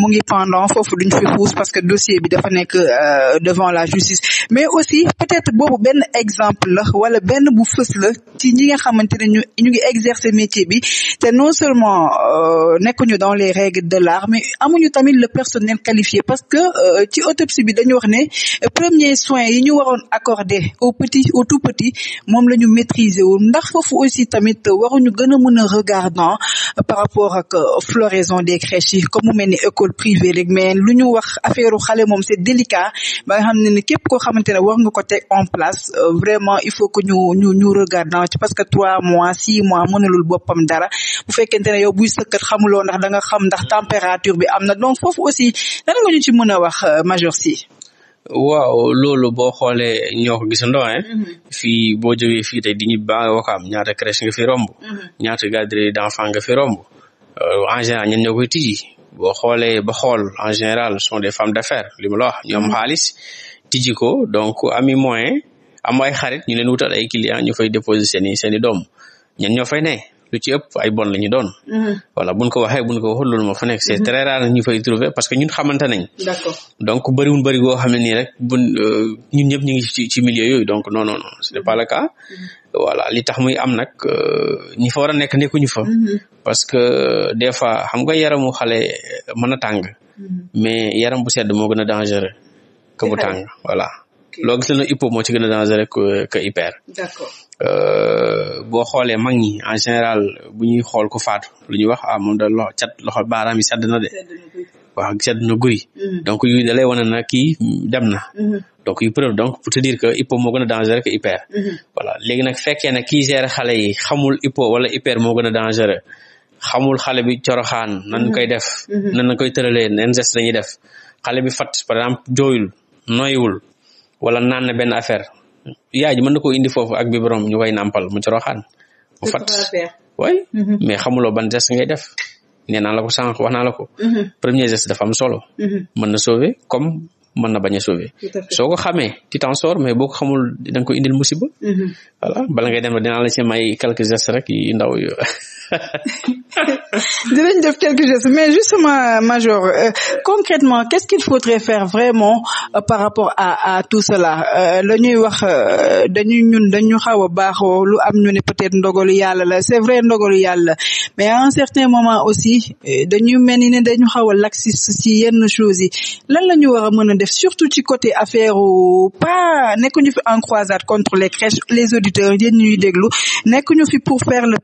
Speaker 1: mu ngi pendant foofu duñ fi xuus parce que dossier bi dafa nekk euh, devant la justice mais aussi peut-être boobu benn exemple la wala benn bu fës la ci ñi nga xamante ne ñu ñu ngi exercer métier bi te non seulement euh, nekkuñu dans les règles de l'art mais amuñu tamit le personnel qualifier parce que euh, ci autopsie bi dañu wax ne premier soin yi ñu waroon accordé au petit au tout petit moom la ñu maîtriser wu ndax foofu aussi tamit waruñu gën a mën a regardant par crèche yi comme mu mel école privée rek mais lu ñu wax a affaire xale moom c'est délicat ba nga xam ne ni képp koo xamante ne war nga ko teg en place euh, vraiment il faut que ñu ñu ñu regardant ci parce que trois mois six mois mënalul boppam dara bu fekkente ne yow buy sëkkat xamuloo ndax da nga xam ndax température bi am na donc foofu aussi lan nga ñu ci mën a wax euh, major si
Speaker 2: waaw loolu boo xoolee ñoo ko gisandoo hein mm-hmm. fii boo jógee fii tey di ñu ba Wakaam ñaata crèche nga fi romb mm-hmm. ñaata garderie d'enfants Euh, en général ñun ñoo koy tijji boo xoolee ba xool en général sont des femmes d'affaires li ma la wax ñoom mm-hmm. xaalis tijji ko donc ami moyen am ay xarit ñu leen wutal ay clients ñu fay déposer seen i seen i doom ñan ñoo fay ne lu ci ëpp ay bon la ñu doon. Mhm. voilà buñ ko waxee buñ ko waxul loolu moo fa nekk c'est mhm. très rare ñu fay trouver parce que ñun xamante nañ. d'accord donc bëriwul bëri goo xam ne nii rek buñ euh, ñun ñëpp ñu ngi ci ci milieu yooyu donc non non non ce n'est pas le cas. Mhm. voilà li tax muy am nag euh, ñi fa war a nekk nekkuñu fa. parce que euh, des fois xam nga yaramu xale mën a tàng. mais yaram bu sedd moo gën a dangereux. que bu tàng voilà. loo gis na hypo moo ci gën a dangereux que que hyper. d'accord euh, boo xoolee mag ñi en général bu ñuy xool ku faatu lu ñuy wax ah moom da loxo cat loxo baaraam yi sedd na de. waaw sedd na guy. Mm-hmm. donc yu da lay wane na kii dem na. Mm-hmm. donc yu preuve donc pour te dire que hypo moo gën a dangereux iper hyper. Mm-hmm. voilà léegi nag fekkee ne kii gère xale yi xamul ipo wala hyper moo gën a dangereux. xamul xale bi coroxaan nan koy def nan na koy tëralee nen geste dañuy def xale bi fat par exemple jooyul noyiwul wala naan na benn affaire yaay ji mën na koo indi foofu ak biberon ñu koy nàmpal mu coroxaan mu fat way mhm. mais xamuloo ban geste ngay def nee naa la ko sànq wax naa la ko mhm. premier geste dafa am solo mhm. mën na sauver comme mën na bañ a sauver soo ko xamee tu t'en mais boo ko xamul da nga ko indil musiba voilà bala ngay dem dinaa la ci may quelques gestes rek yu ndaw <laughs>
Speaker 1: <laughs> dinañ def quelques gestes mais justement Major euh, concrètement qu'est-ce qu'il faudrait faire vraiment euh, par rapport à à tout cela euh, la ñuy wax euh, dañuy ñun dañu xaw a baaxoo lu am ñu ne peut-être ndogalu yàlla la c'est vrai ndogalu yàlla mais à un certain moment aussi dañuy mel ni ne dañu xaw a laxiste ci yenn choses yi lan la ñu war a mën a def surtout ci côté affaire pas nekkuñu fi en croisade contre les crèches les auditeurs yéen ñuy déglu nekkuñu fi pour faire le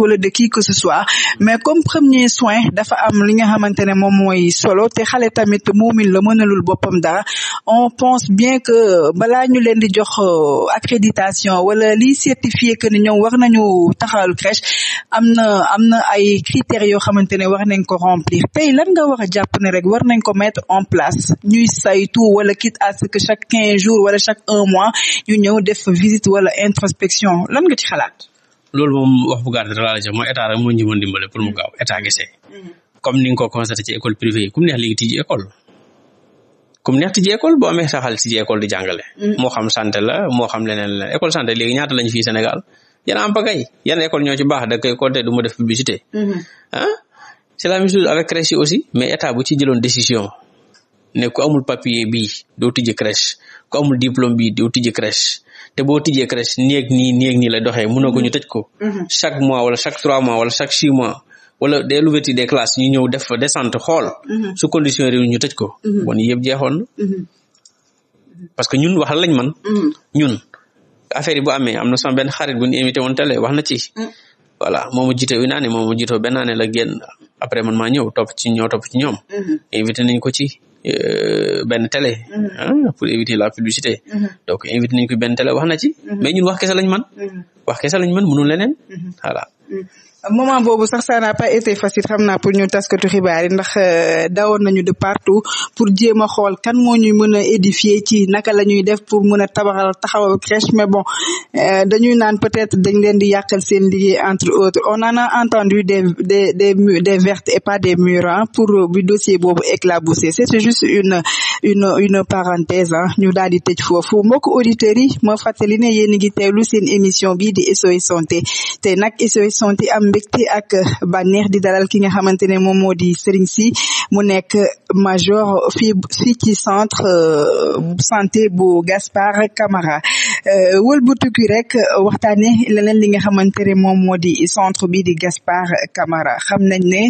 Speaker 1: wala de qui que ce soit mais comme premier soin dafa am li nga xamante ne moom mooy solo te xale tamit moomin la mënalul boppam dara on pense bien que balaa ñu leen di jox euh, accréditation wala liy certifié que ni ñoom war nañu taxawal crèche am na am na ay critères yoo xamante ne war nañ ko remplir tey lan nga war jàpp ne rek war nañ ko mettre en place ñuy saytu wala quitte à ce que chaque quinze jours wala chaque un mois ñu ñëw def visite wala introspection lan nga ci xalaat
Speaker 2: loolu moom wax bu gàtt laa la jox mooy état rek moo ñu mën dimbale pour mu gaaw état gese mm-hmm. comme ni nga ko ci école privée yi ku neex léegi tijji école ku mu neex tijji école boo amee saxal tijji école di jàngale. Mm-hmm. moo xam santé la moo xam leneen la école santé léegi ñaata lañ fi Sénégal yéen am pagay yan école ñoo baax da koy compter du ma def publicité. Mm-hmm. ah c'est la même avec crèche yi aussi mais état bu ci jëloon décision ne ku amul papier bii doo tijji crèche ku amul diplôme bii doo tijji crèche. te boo tijjee crèche néeg nii néeg nii lay doxee mënoo mhm. ñu tëj ko mhm. chaque mois wala chaque trois mois wala chaque six mois wala dès l'ouverture des classes ñu ñëw def fa descente xool mhm. su condition réew ñu tëj ko bon yëpp jeexoon na parce que ñun waxal lañ man ñun affaire yi amee am na sama benn xarit bu ñu invité woon télé wax na ci voilà moomu jiite une année moomu jiitoo benn année la génn après man maa ñëw topp ci ñoo ci ñoom invité nañ ko ci Euh, benn télé. Mm-hmm. Ah, pour éviter la publicité. Mm-hmm. donc invité nañ ko benn télé wax na ci. Mm-hmm. mais ñun wax kese lañ man wax kese lañ man mënul leneen voilà.
Speaker 1: moment boobu sax ça n'a pas été facile xam naa pour ñu taskatu xibaar yi ndax euh, dawoon nañu de partout pour jéem a xool kan moo ñuy mën a édifier ci naka la ñuy def pour mën a tabaxal taxaw crèche mais bon euh, dañuy naan peut-être dañ leen di yàqal seen liggéey entre autres on en a entendu des des des des vertes et pas des mûres pour euh, bi dossier boobu éclaboussé c'est juste une une une parenthèse ah ñu daal di tëj foofu mbokk auditeurs yi ma fàttali ne yéen a ngi teewlu seen émission bii di SOS santé te mbégte ak bànneex di dalal ki nga xamante ne moom moo di Serigne Sy mu nekk major fi si ci centre euh, santé bu Gaspard Camara Euh, wëlbatiku rek waxtaan euh, waxtaane leneen li nga xamante ne moom moo di centre bi di gaspar Camara xam nañ ne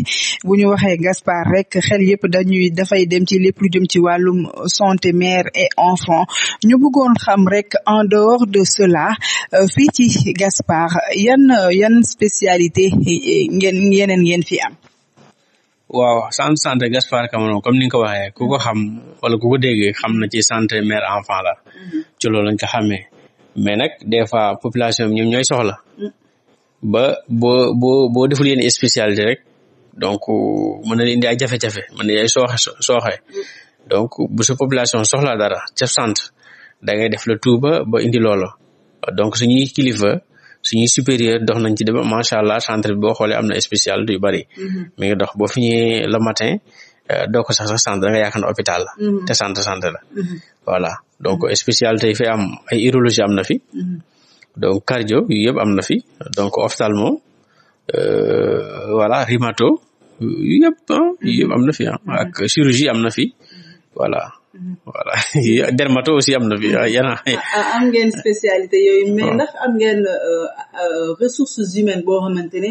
Speaker 1: bu ñu waxee Gaspard rek xel yëpp dañuy dafay dem ci lépp lu jëm ci wàllum santé maire et enfant ñu bëggoon xam rek en dehors de cela euh, fii ci Gaspard yan yan spécialité ngeen yeneen ngeen fi am
Speaker 2: waaw centre santé Gaspard Camara comme ni nga ko waxee ku ko xam wala ku ko déggee xam na ci santé maire enfant la mm-hmm. ci loolu lañ ko xamee mais nag des fois population bi ñoom ñooy soxla ba bo boo boo deful yenn spécialité rek donc euh, mën na indi ay jafe-jafe mën na sooxe donc bu sa population soxlaa dara ca sant da ngay def la tuuba ba indi loola donc suñuy kilifa suñuy supérieur dox nañ ci dem macha allah centre bi boo xoolee am na spécialité yu bari mm-hmm. mi ngi dox boo fi matin. Euh, doo ko sax sax centre da nga yaakaar ne hôpital la mhm. te centre santé la mhm. voilà donc spécialité yi am ay urologie fi mhm. donc cardio yu yëpp fi donc ophtalmo euh, voilà rhumato yu yëpp ah, yu fi ah chirurgie am fi voilà voilà <laughs> dermato aussi am na fi ah, yana
Speaker 1: ah, ah, spécialité yooyu mais ndax am ngeen euh, euh, ressources humaines boo xamante ne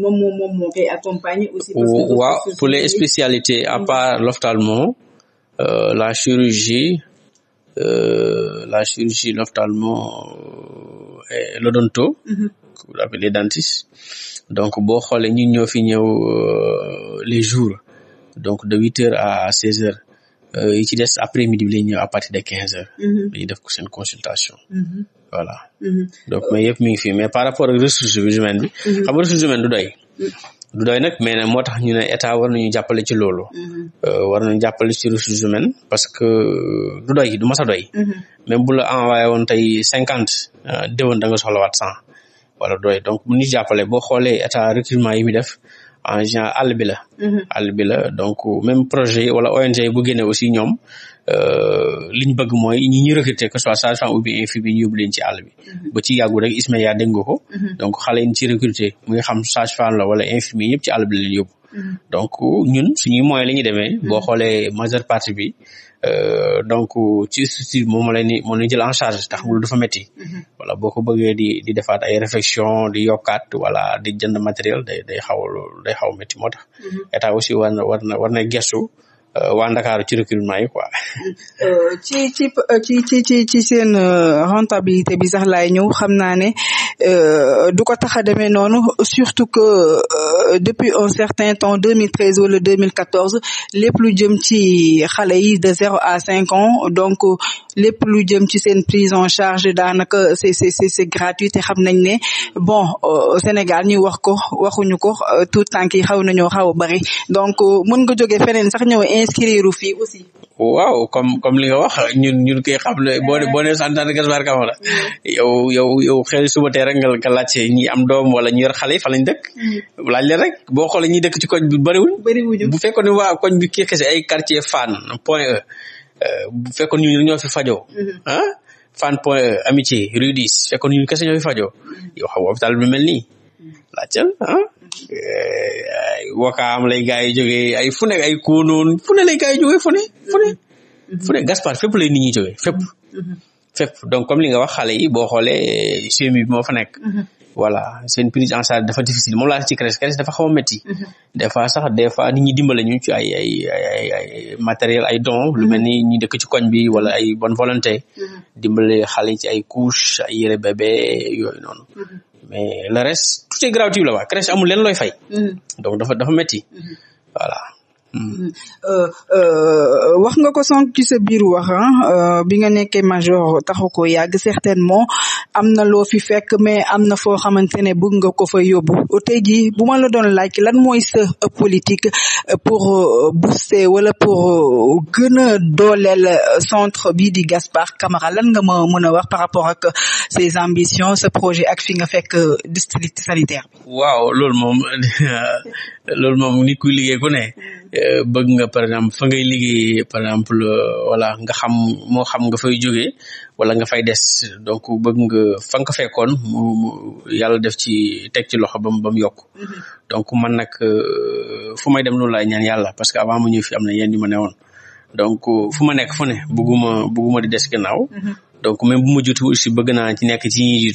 Speaker 1: moom moom moom moo accompagner aussi pour les
Speaker 2: spécialités à mm. part l'ophtalmo euh, la chirurgie euh, la chirurgie l'ophtalmo et l'odonto mhm. vous donc boo xoolee ñun ñoo fi ñëw les jours donc de huit heures à seize heures yi ci des après midi bi lañ ñëw à partir de quinze heures mhm. dañuy def ko seen consultation
Speaker 3: mhm. Mhm.
Speaker 2: donc mais yëpp mi ngi fii mais par rapport ak ressource humaine bi xam nga ressource humaine du doy du doy nag mais na moo tax ñu ne état war nañu jàppale ci loolu euh, war nañu jàppale ci ressources humaines que euh, du du mas a doy même bu woon tey cinquante euh, déwoon da nga soxlawaat cent wala doy donc bu ñu jàppale boo xoolee état recrutement yi muy def en général àll bi la. Mhm. àll bi la donc même projet yi wala ONG yi bu génne aussi ñoom euh, li ñu bëgg mooy ñi ñu recruter que soit sage-femme ou bien infirmier ñu yóbbu leen ci àll bi. Mhm. ba ci yàggu rek Ismaïla dégg nga mhm. donc xale yi ci recruter mu ngi xam sage-femme la wala infirmier ñëpp ci àll bi la leen yóbbu. donc ñun suñuy moyens la ñuy demee. boo xoolee majeure partie bi. Euh, donc ci structure bi moom la ni moom lañu jël en charge tax mu dafa métti mhm. voilà boo ko bëggee di di defaat ay réflexion di yokkaat wala di jënd matériel day day xaw day xaw métti moo tax mhm. état aussi war na war na war na gestu Euh, waa Ndakaaru ci recrutement yi quoi.
Speaker 1: Euh, ci ci ci ci ci seen euh, rentabilité bi sax laay ñëw xam naa ne du ko tax a demee noonu surtout que depuis un certain temps 2013 wala 2014 lépp lu jëm ci xale yi de zéro à cinq ans donc. lépp lu jëm ci seen prise en charge daanaka se c'est c'est gratuit te xam nañ ne bon euh, Sénégal ñu wax ko waxuñu ko euh, tout temps yi xaw nañoo xaw a bëri donc euh, mën nga jógee feneen sax ñëw inscrire fii fi
Speaker 2: waaw comme comme li nga wax ñun ñun koy xam boo boo nee Santandé Gaspard Camara mm. yow yow yow xëy suba tey rek nga nga laajte ñi am doom wala ñu yor xale fa lañ dëkk. Mm. laaj leen rek boo xoolee ñi dëkk ci koñ bi bëriwul. bëriwul bu fekkoon koñ bi kii kese quartier Fann point E. bu fekkoon ñu ñoo fi fajoo mm-hmm. ah Fann Point E Amitié Rue 10 fekkoon ñu kese ñoo fi fajoo mm-hmm. yoo xam hôpital bi mel nii mm-hmm. laajteel ah eh, wakaam lay gaa yi jógee ay fu ay kóonoon
Speaker 1: fu ne lay gaa yi jógee fu ne
Speaker 2: fu ne lay nit ñi jógee fépp fépp donc comme li nga wax xale yi boo xoolee CMU bi moo fa nekk voilà seen prise en charge dafa difficile moom laa ci CRES dafa xaw a métti. Mhm. des fois sax des fois nit ñi dimbale ñu ci ay ay ay ay matériel ay dons lu mhm. mel ni ñu dëkk ci koñ bi wala ay bonne volonté. Mhm. dimbale xale ci ay couche ay yére bébé yooyu noonu. mais le reste tout est gratuit là-bas CRES leen looy fay. donc dafa dafa métti voilà.
Speaker 1: Euh, euh, wax nga ko sànq ci sa biir wax euh, bi nga nekkee major taxu ko yàgg certainement am na loo fi fekk mais am na foo xamante ne bëgg nga ko fa yóbbu tey jii bu ma la doon laaj lan mooy sa politique pour booster wala pour gën a dooleel centre bii di Gaspard Camara lan nga ma mën a wax par rapport ak ses ambitions ce projet ak fi nga fekk district sanitaire bi.
Speaker 2: waaw loolu moom <laughs> loolu moom ni kuy liggéey ku ne. Euh, bëgg nga par exemple fa ngay liggéey par exemple euh, voilà nga xam moo xam nga fay jógee wala nga fay des donc bëgg nga fa nga ko fekkoon mu yàlla def ci teg ci loxo ba mu ba mu yokk mhm. donc man nag euh, fu may dem loolu laay ñaan yàlla parce que avant mu fi am na yenn yu ma ne woon donc fu ma nekk fu ne bëgguma bëgguma di des gannaaw mhm. donc même bu ma jiitu aussi bëgg naa ci nekk ci ñuy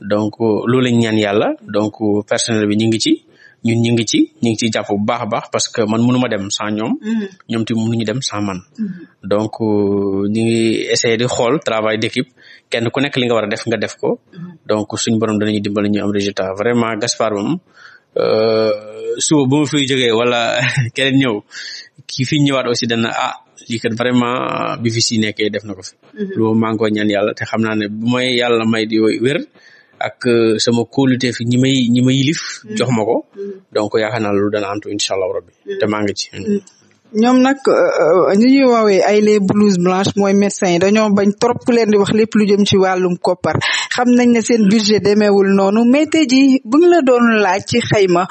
Speaker 2: donc loolu lañ yàlla donc personnel bi ñu ci ñun ñu ngi ci ñu ngi ciy jàpp bu baax a baax parce que man mënu ma dem sans ñoom. Mm-hmm. ñoom tamit mënuñu dem sans man. Mm-hmm. donc euh, ñu ngi essayer di xool travail d'équipe kenn ku nekk li nga war a def nga def ko. Mm-hmm. donc suñu borom danañu dimbali ñu am résultat vraiment Gaspard moom euh, suba bu ma fiy jógee wala <laughs> keneen ñëw ki fi ñëwaat aussi dana ah lii kat vraiment bi fi si def na ko fi. loolu ñaan yàlla te xam naa ne may yàlla may di ak euh, sama kóolute fi ñi may ñi ma yilif mm. jox ma ko mm. donc yaakaar naa loolu dana antu incha allahu rabbi mm. te maa ngi ci
Speaker 1: ñoom nag li euh, euh, ñuy woowee ay les blouses blanches mooy médecins yi dañoo bañ trop leen di wax lépp lu jëm ci wàllum koppar xam nañ ne seen budget demeewul noonu mais tey jii bu ñu la doon laaj ci xayma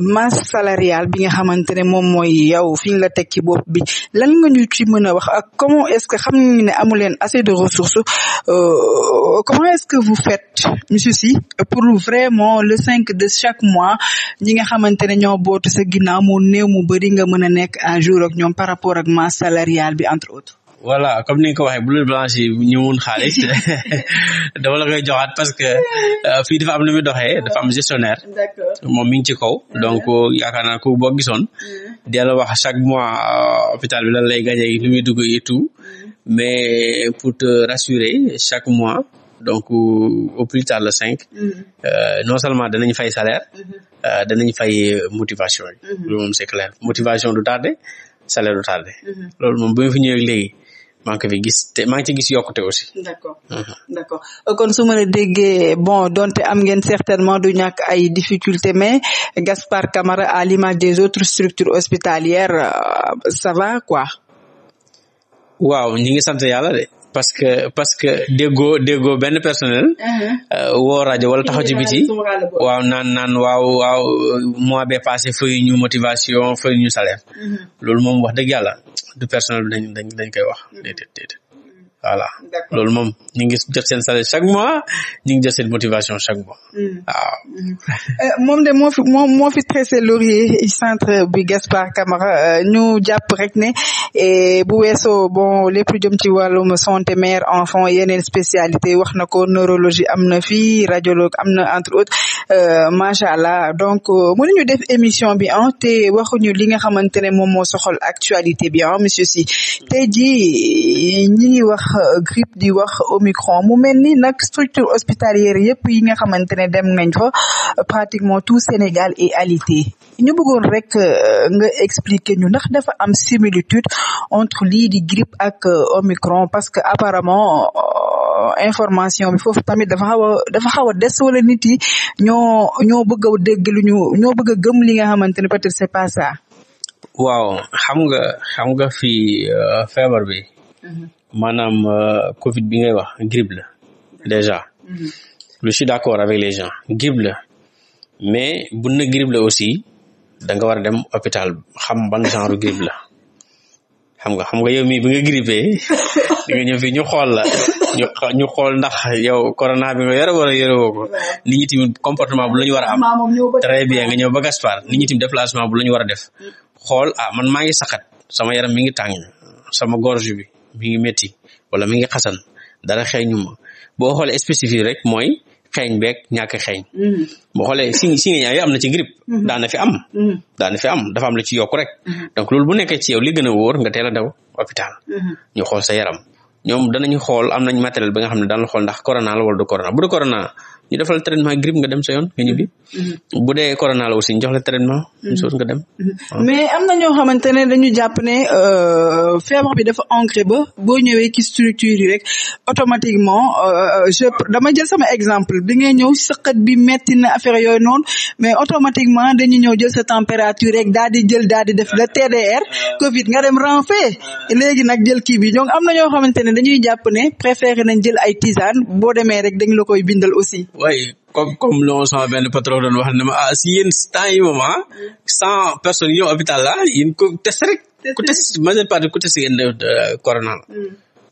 Speaker 1: masse salariale bi nga xamante ne moom mooy yow fii la teg ci bopp bi lan nga ñu ci mën a wax ak comment est-ce que xam nañ ne amu leen assez de ressources euh, comment est-ce que vous faites monsieur Sy pour vraiment le cinq de chaque mois ñi nga xamante ne ñoo bootu sa ginnaaw mu néew mu bëri nga mën a nekk un jour niroog ñoom par rapport ak masse salariale bi entre autres.
Speaker 2: voilà comme ni nga ko waxee bleu blanche yi ñëwoon xaalis <laughs> dama la koy joxaat parce que euh, fii dafa am lu muy doxee dafa am gestionnaire moom mi ngi ci kaw donc yaakaar naa ko boo gisoon mm. della wax chaque mois euh, hôpital bi la lay gagné lu muy dugg et mm. mais pour te rassurer chaque mois donc au euh, plus tard le cinq mm. non seulement danañ fay salaire mm-hmm. danañ fay motivation yi mm-hmm. loolu du tardé salaire du tardé. Mhm. loolu moom bu ma fi ñëwee léegi maa ngi ko fi gis te maa ngi ci gis yokkute aussi. d' accord
Speaker 1: mhm. d' accord euh, kon su ma la déggee bon donte am ngeen certainement du ñàkk ay difficultés mais Gaspard Camara à l'image des autres structures hospitalières euh, ça va quoi.
Speaker 2: waaw ñi ngi sant yàlla de. parce que parce que dégo dégo benn personnel uh-huh. euh, woo rajo wala taxaw ci biti waaw naan naan waaw waaw mois bee passé fay ñu motivation fay ñu salaire uh-huh. loolu moom wax dëgg yàlla du personnel bi dañ dañ dañ koy wax voilà loolu moom ñu ngi jot seen salaire chaque mois ñu ngi seen motivation chaque mois hmm. Hmm.
Speaker 1: Euh, moom de moo fi moo moo fi tressé laurier centre bi Gaspard Camara euh, ñu jàpp rek ne eh, bu weesoo bon lépp jëm ci wàllum santé mère enfant yeneen spécialité wax na ko neurologie am na fii radiologue am na entre autres euh, macha allah donc mënuñu def émission bi ah te waxuñu li nga xamante ne moom moo soxal actualité bi ah monsieur Sy tey jii ñi wax Euh, grippe di wax omicron mu mel ni nag structure hospitalière yëpp yi nga xamante ne dem nañ fa pratiquement tout Sénégal est alité ñu bëggoon rek euh, nga expliquer ñu ndax dafa am similitude entre lii di grippe ak euh, omicron parce que apparemment information bi foofu tamit dafa xaw a dafa xaw a des wala nit yi ñoo ñoo bëgg a ñu ñoo bëgg a gëm li nga xamante ne peut-être c'est pas
Speaker 2: waaw xam nga xam nga fii feebar bi. Mm-hmm. maanaam euh, Covid bi ngay wax grippe la déjà
Speaker 3: mm-hmm.
Speaker 2: je suis d'accord avec les gens grippe la mais bu na grippe la aussi danga war a dem hôpital xam ban genre grippe la xam nga xam nga yow mii bi nga grippé <laughs> nga ñëw fii ñu xool la ñu ñu xool ndax yow corona bi nga yore wala yore woo ko nit ñi tamit comportement bu la ñu war a am très bien nga ñëw ba Gaspard nit ñi tamit déplacement bu la ñu war a def mm. xool ah man maa ngi saxat sama yaram mi ngi tàng sama gorge bi. mi ngi métti wala mi ngi xasan dara xeeñu ma boo xoolee spécifique rek mooy xeeñ beeg ñàkk xeeñ mm-hmm. boo xoolee si si nga yi am na ci grippe mm-hmm. daana fi am mm-hmm. daana fi am dafa am la ci yokk rek donc loolu bu nekkee ci yow li gën a nga teel a daw hôpital ñu xool sa yaram ñoom danañu xool am nañ matériel bi nga xam ne daan la xool ndax corona la wala du corona bu du corona ñu defal la traitement grippe nga dem sa yoon nga mm-hmm. bu dee corona la aussi jox la traitement. une chose nga dem.
Speaker 1: Mm-hmm. mais am na ñoo xamante ne dañuy jàpp ne euh, feebar bi dafa ancré ba boo ñëwee ci structure yi rek automatiquement euh, je dama jël sama exemple bi ngay ñëw sëqat bi metti na affaire yooyu noonu mais automatiquement dañu ñëw jël sa température rek daal di jël daal di def la TDR Covid nga dem renfee léegi nag jël kii bi donc am na ñoo xamante ne dañuy jàpp ne préféré nañ jël ay tisane boo demee rek dañ la koy bindal aussi.
Speaker 2: waaye comme comme loolu sama benn patron doon wax ne ma ah si yéen temps yi moom ah cent personnes yi hôpital la ah, yéen ko test rek ku test majeure partie ku test ngeen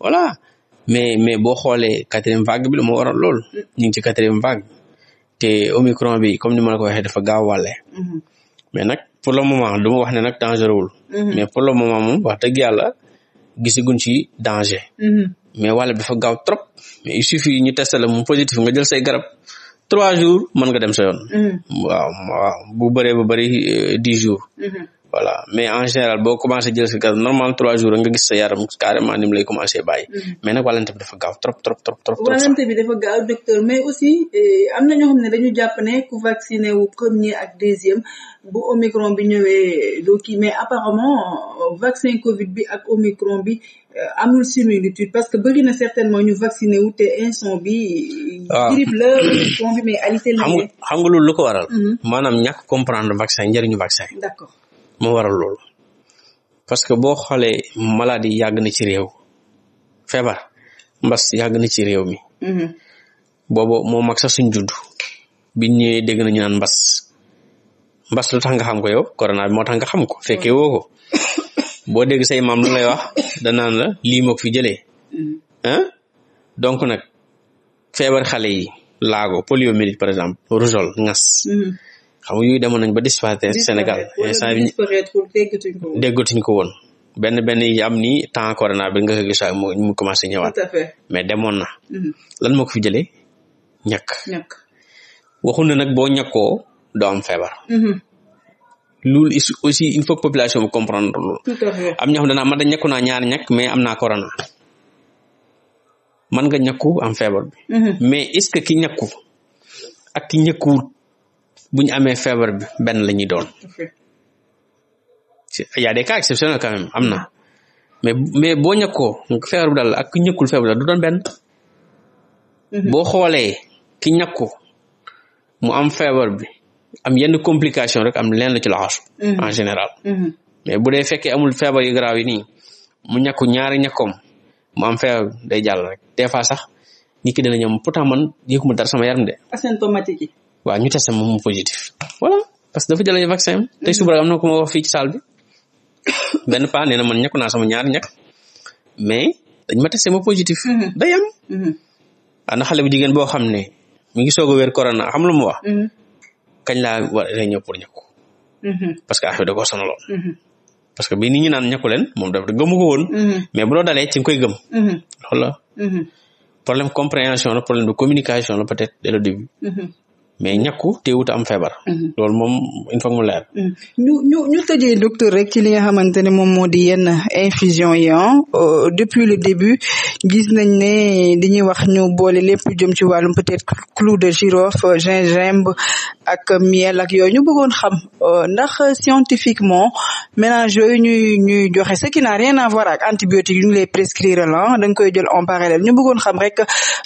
Speaker 2: wala mais mais boo xoolee quatrième vague bi la moo waral lool mm. ñu ngi ci quatrième vague te omicron bi comme ni ma la ko waxee dafa gaaw wàlle mm-hmm. mais nag pour le moment du ma wax ne nag dangereux wul mm-hmm. mais pour le moment moom wax dëgg yàlla gisaguñ ci danger mm-hmm. mais wala bi dafa gaaw trop mais il suffit ñu testé la mu positif nga jël say garab trois jours man nga dem sa yoon. Mm-hmm. waaw waaw bu bëree ba bëri euh, dix jours. wala mm-hmm. mais en général boo commencé jël sa garab normal trois jours nga gis sa yaram carrément ni mu lay commencé bàyyi. Mm-hmm. mais nag wàllante bi dafa gaaw trop trop trop trop.
Speaker 1: wàllante bi dafa gaaw mais aussi eh, am na ñoo xam ne dañu jàpp ne ku vacciné wu premier ak deuxième bu omicron bi ñëwee doo kii mais apparemment vaccin Covid bi. Euh, amul similitude parce que bëri na certainement ñu vacciné wu te instant bi waaw ah. grippe xam nga loolu lu ko
Speaker 2: waral. Mhm. maanaam ñàkk comprendre vaccin njariñu vaccin. d'accord moo waral loolu. parce que boo xoolee maladie yàgg na ci réew. feebar mbas yàgg na ci réew mi. Mhm. boobu moo mag sax suñ judd. biñ ñëwee dégg nañu naan mbas. mbas lu nga xam ko yow corona moo tax nga xam ko fekkee woo <laughs> boo dégg say maam lu lay wax danaan la lii moo ko fi jëlee ah donc nag feebar xale yi laago poliomyélite par exemple rougeole ngas mm-hmm. xam nga yooyu demoon nañ ba disparaître Sénégal instant bi déggatuñ ko woon benn benn yi am ni temps corona bi nga ko gis mu commencé ñëwaat mais demoon na mm-hmm. lan moo ko fi jëlee ñàkk waxul ne nag boo ñàkkoo doo feebar loolu aussi il faut population bi comprendre loolu. am ñax xam danaa man da ñàkku naa ñaari ñàkk mais am naa corona. man nga ñàkku am feebar bi. Mhm. mais est-ce que ki ñàkku ak ki ñàkkuwul bu ñu amee feebar bi benn la ñuy doon. y a des cas exceptionnels am na mais mais boo ñàkkoo feebar bi daal ak ki ñàkkul feebar bi daal du doon benn. Mhm. boo xoolee ki ñàkku mu am feebar bi. am yenn complication rek am lenn ci laxasu mhm. en général mhm. mais bu dee fekkee amul feebar yu garaaw yi nii mu ñàkku ñaari ñakkoom mu am feebar day jàll rek des fois sax nit ki dana ñoom pourtant man yëguma dara sama yaram de
Speaker 1: asymptomatique yi
Speaker 2: waaw ñu testé moom mu positif parce que dafa jëlee vaccin am tey am na ko ma wax fii ci salle bi <laughs> benn paa nee na man ñàkku naa sama ñaari ñàkk mais dañ ma testé ma positif mhm. day am xale bu jigéen boo xam ne mi ngi soog a wér corona xam lu kañ laa war a ñëw pour ñàkku. Mm-hmm. parce que affaire da koo sonaloon. Mm-hmm. parce que bii nit ñi naan ñàkku leen moom dafa gëmu ko woon. Mm-hmm. mais bu loo dalee ci koy gëm. loolu la. problème compréhension la problème de communication la peut-être dès le début. mais ñàkku teewut am feebar. Mhm. loolu moom il faut mu leer.
Speaker 1: Mhm. ñu ñu ñu tëjee docteur rek ci li nga xamante ne moom moo di yenn infusion yi euh, depuis le début gis nañ ne dañuy wax ñu boole lépp jëm ci wàllum peut-être clou de girofle gingembre ak miel ak yooyu ñu bëggoon xam euh, ndax scientifiquement mélange yooyu ñuy ñuy joxe ce qui n'a rien à voir ak antibiotique ñu lay prescrire la da koy jël en parallèle ñu bëggoon xam rek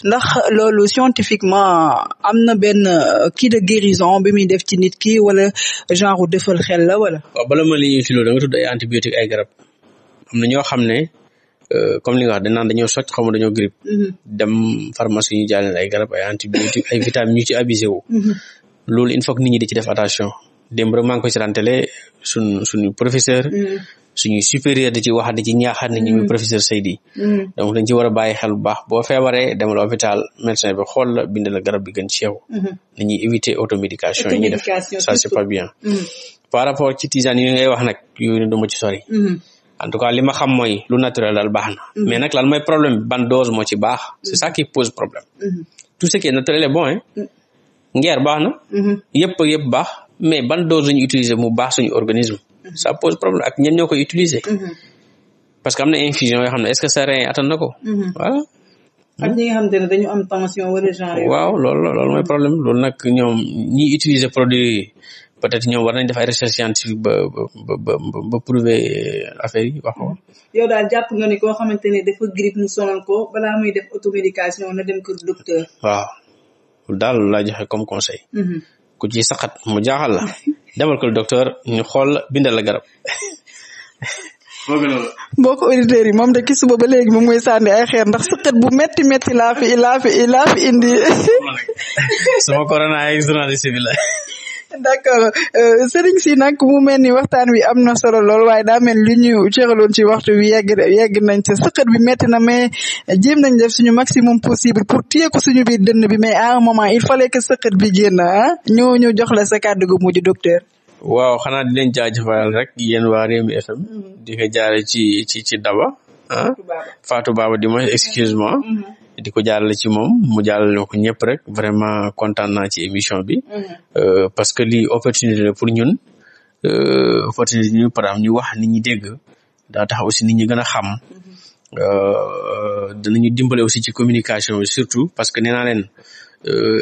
Speaker 1: ndax loolu scientifiquement am na ben Euh, kii de guérison bi muy def ci nit ki wala genre defal xel la wala.
Speaker 2: waaw bala ma li ñuy ci loolu ay antibiotique ay garab am na ñoo xam ne euh, comme li nga wax dañ naan dañoo socc xaw ma dañoo grippe. Mm-hmm. dem pharmacie ñu jaay leen ay garab ay antibiotique ay vitamines ñu ci abusé wu. Mm-hmm. loolu il faut que di ci def attention démb rek maa ngi ko ci daan télé professeur. Mm-hmm. suñuy supérieur di ci wax di ci ñaaxaat nit ñi muy mm. professeur Seydi mm. donc dañ ci war a bàyyi xel bu baax boo feebaree demal hôpital médecin bi xool la bind la garab bi gën ci yow mm-hmm. nañuy éviter automédication yi ñuy def ça c'est pas bien mm. par rapport ci tisane yi ngay wax nag yooyu ne duma ci sori mm-hmm. en tout cas li ma xam mooy lu naturel daal baax na mm-hmm. mais nag lan mooy problème bi ban dose moo ci baax c'est ça qui pose problème tout ce qui est naturel est bon hein ngeer baax na yëpp yëpp baax mais ban dose lañu utiliser mu baax suñu organisme ça pose problème ak ñen ñoo koy utiliser. Mhm. parce que am na infusion xam ne est ce que sa rein attan na ko.
Speaker 1: Mhm. ak ñi nga xamante ne dañu am tension wala genre.
Speaker 2: waaw loolu loolu mooy problème loolu nag ñoom ñi utiliser produit peut-être ñoom war nañ def ay recherche scientifique ba ba ba ba prouver euh, affaire yi
Speaker 1: mhm. daal jàpp nga ni koo xamante ne dafa grippe mu sonal ko balaa muy def automédication na dem kër docteur.
Speaker 2: waaw daal laa joxe comme conseil. ku ci saxat mu jaaxal <laughs> demal ko docteur ñu xool bindal la garab.
Speaker 1: boo ko auditeurs yi moom de ki suba ba léegi moom mooy sànni ay xeer ndax sëqët bu metti metti laa fi laa fi laa fi indi.
Speaker 2: sama corona ay journaliste bi la.
Speaker 1: d' accord euh, Serigne si nag mu mel ni waxtaan wi am na solo lool waaye daa mel li ñu cëraloon ci waxtu wi yegg yegg nañ te sëqët bi métti na mais jéem nañ def suñu maximum possible pour téye ko suñu biir dënn bi mais à moment il fallait que sëqët bi génn ah ñu ñu jox la sa kàddu gu mujj docteur.
Speaker 2: waaw xanaa di leen jaajëfal rek yéen waa Rewmi FM mm-hmm. di ko jaare ci ci ci Daba ah Fatou Baba di ma di ko jaarale ci moom mu jaarale ko ñëpp rek vraiment kontaan naa ci émission bi mhm. euh, parce que lii opportunité la pour ñun euh, opportunité ñu par exemple ñu wax nit ñi dégg daa tax aussi nit ñi gën a xam mhm. euh, danañu dimbale aussi ci communication bi surtout parce que nee naa leen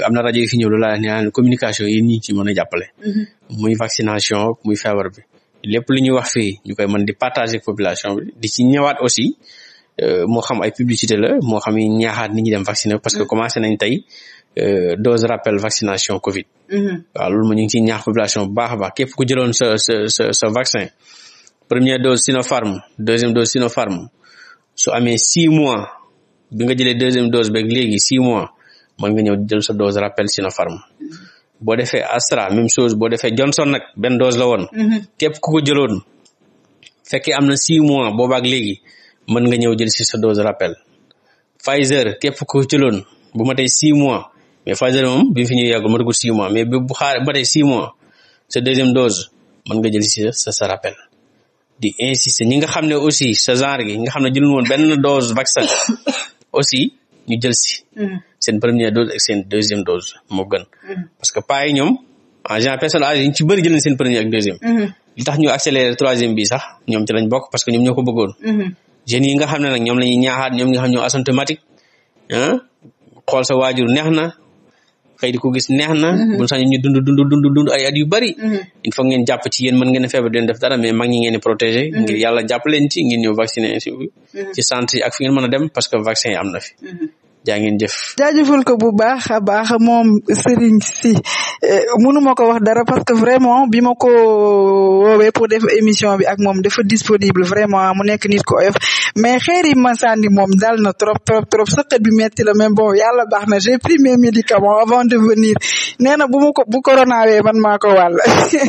Speaker 2: am na rajo yi fi ñëw loolu laa nee communication yi ñi ci mën a jàppale mhm. muy vaccination muy feebar bi lépp lu ñuy wax fii ñu koy mën di partager population bi di ci ñëwaat aussi Euh, moo xam ay publicité la moo xam yi ñaaxaat nit ñi dem vacciner parce que mm. commencé nañ tey euh, dose rappel vaccination Covid. Mm-hmm. waaw loolu moom ñu ngi ciy ñaax population bu baax a baax képp ku jëloon sa sa sa sa vaccin première dose Sinopharm deuxième dose Sinopharm su amee six mois bi nga jëlee deuxième dose beeg léegi six mois mën nga ñëw jël sa dose rappel Sinopharm. Mm-hmm. boo defee Astra même chose boo defee Johnson nag benn dose la woon. Mm-hmm. képp ku jëloon fekkee am na six mois boobaak léegi. mën nga ñëw jël si sa dose rappel Pfizer képp ko jëloon bu ma tey six mois mais Pfizer bi fi ñuy yàggul matagul six mois mais bu xaar ba tey mois sa deuxième dose mën nga jël si sa sa rappel di insister ñi nga xam ne aussi sa genre gi nga xam ne jëlul woon benn dose vaccin <coughs> aussi ñu jël si mm-hmm. seen première dose ak seen deuxième dose moo gën mm-hmm. parce que paa yi ñoom en genre personne ci bëri jël nañ seen première ak deuxième mm-hmm. li tax ñu accéléré troisième bi sax ñoom ci lañ bokk parce que ñoom ñoo ko bëggoon jeunes yi nga xam ne nag ñoom la ñuy ñaaxaat ñoom ñi nga xam ñoo asymptomatique ah xool sa waajur neex na xëy di ko gis neex na mhm. buñ sañu ñu dund dund dund dund ay at yu bëri mhm. il faut ngeen jàpp ci yéen mën ngeen a feebar deen def dara mais mag ngeen di protégé mhm. ngir yàlla jàpp leen ci ngir ñëw vacciner ci centre yi ak fi ngeen mën a dem parce que vaccin yi am na fi jaa ngeen jëf
Speaker 1: jaajëfal ko bu baax a baax moom Serigne si eh, mënuma ko wax dara parce que vraiment bi ma ko woowee pour def émission bi ak moom dafa disponible vraiment mu nekk nit ko oyof mais xeer yi ma sànni moom dal na trop trop trop sëqët bi metti la mais bon yàlla baax na j'ai pris mes médicaments avant de venir nee na bu ma ko bu corona wee man maa ko wàll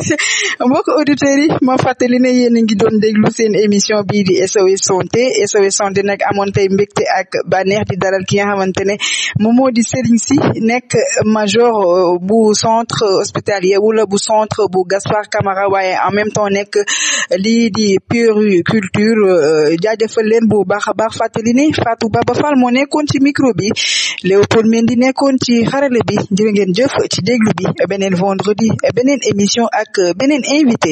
Speaker 1: <laughs> mbokk auditeurs yi ma fàttali ne yéen a ngi doon déglu seen émission bii di SOS santé SOS santé nag amoon tey mbégte ak bànneex di dalal ki xamante ne moom moo di Serigne Sy nekk major euh, bu centre hospitalier wala bu centre bu Gaspard Camara waaye en même temps nekk euh, lii di puériculture euh, jaajëfal leen bu baax a baax fàttali ni Fatou Baba Fall moo nekkoon ci micro bi Léopold Mendy nekkoon ci xarale bi jërë ngeen jëf ci déglu bi beneen vendredi beneen émission ak
Speaker 3: beneen invité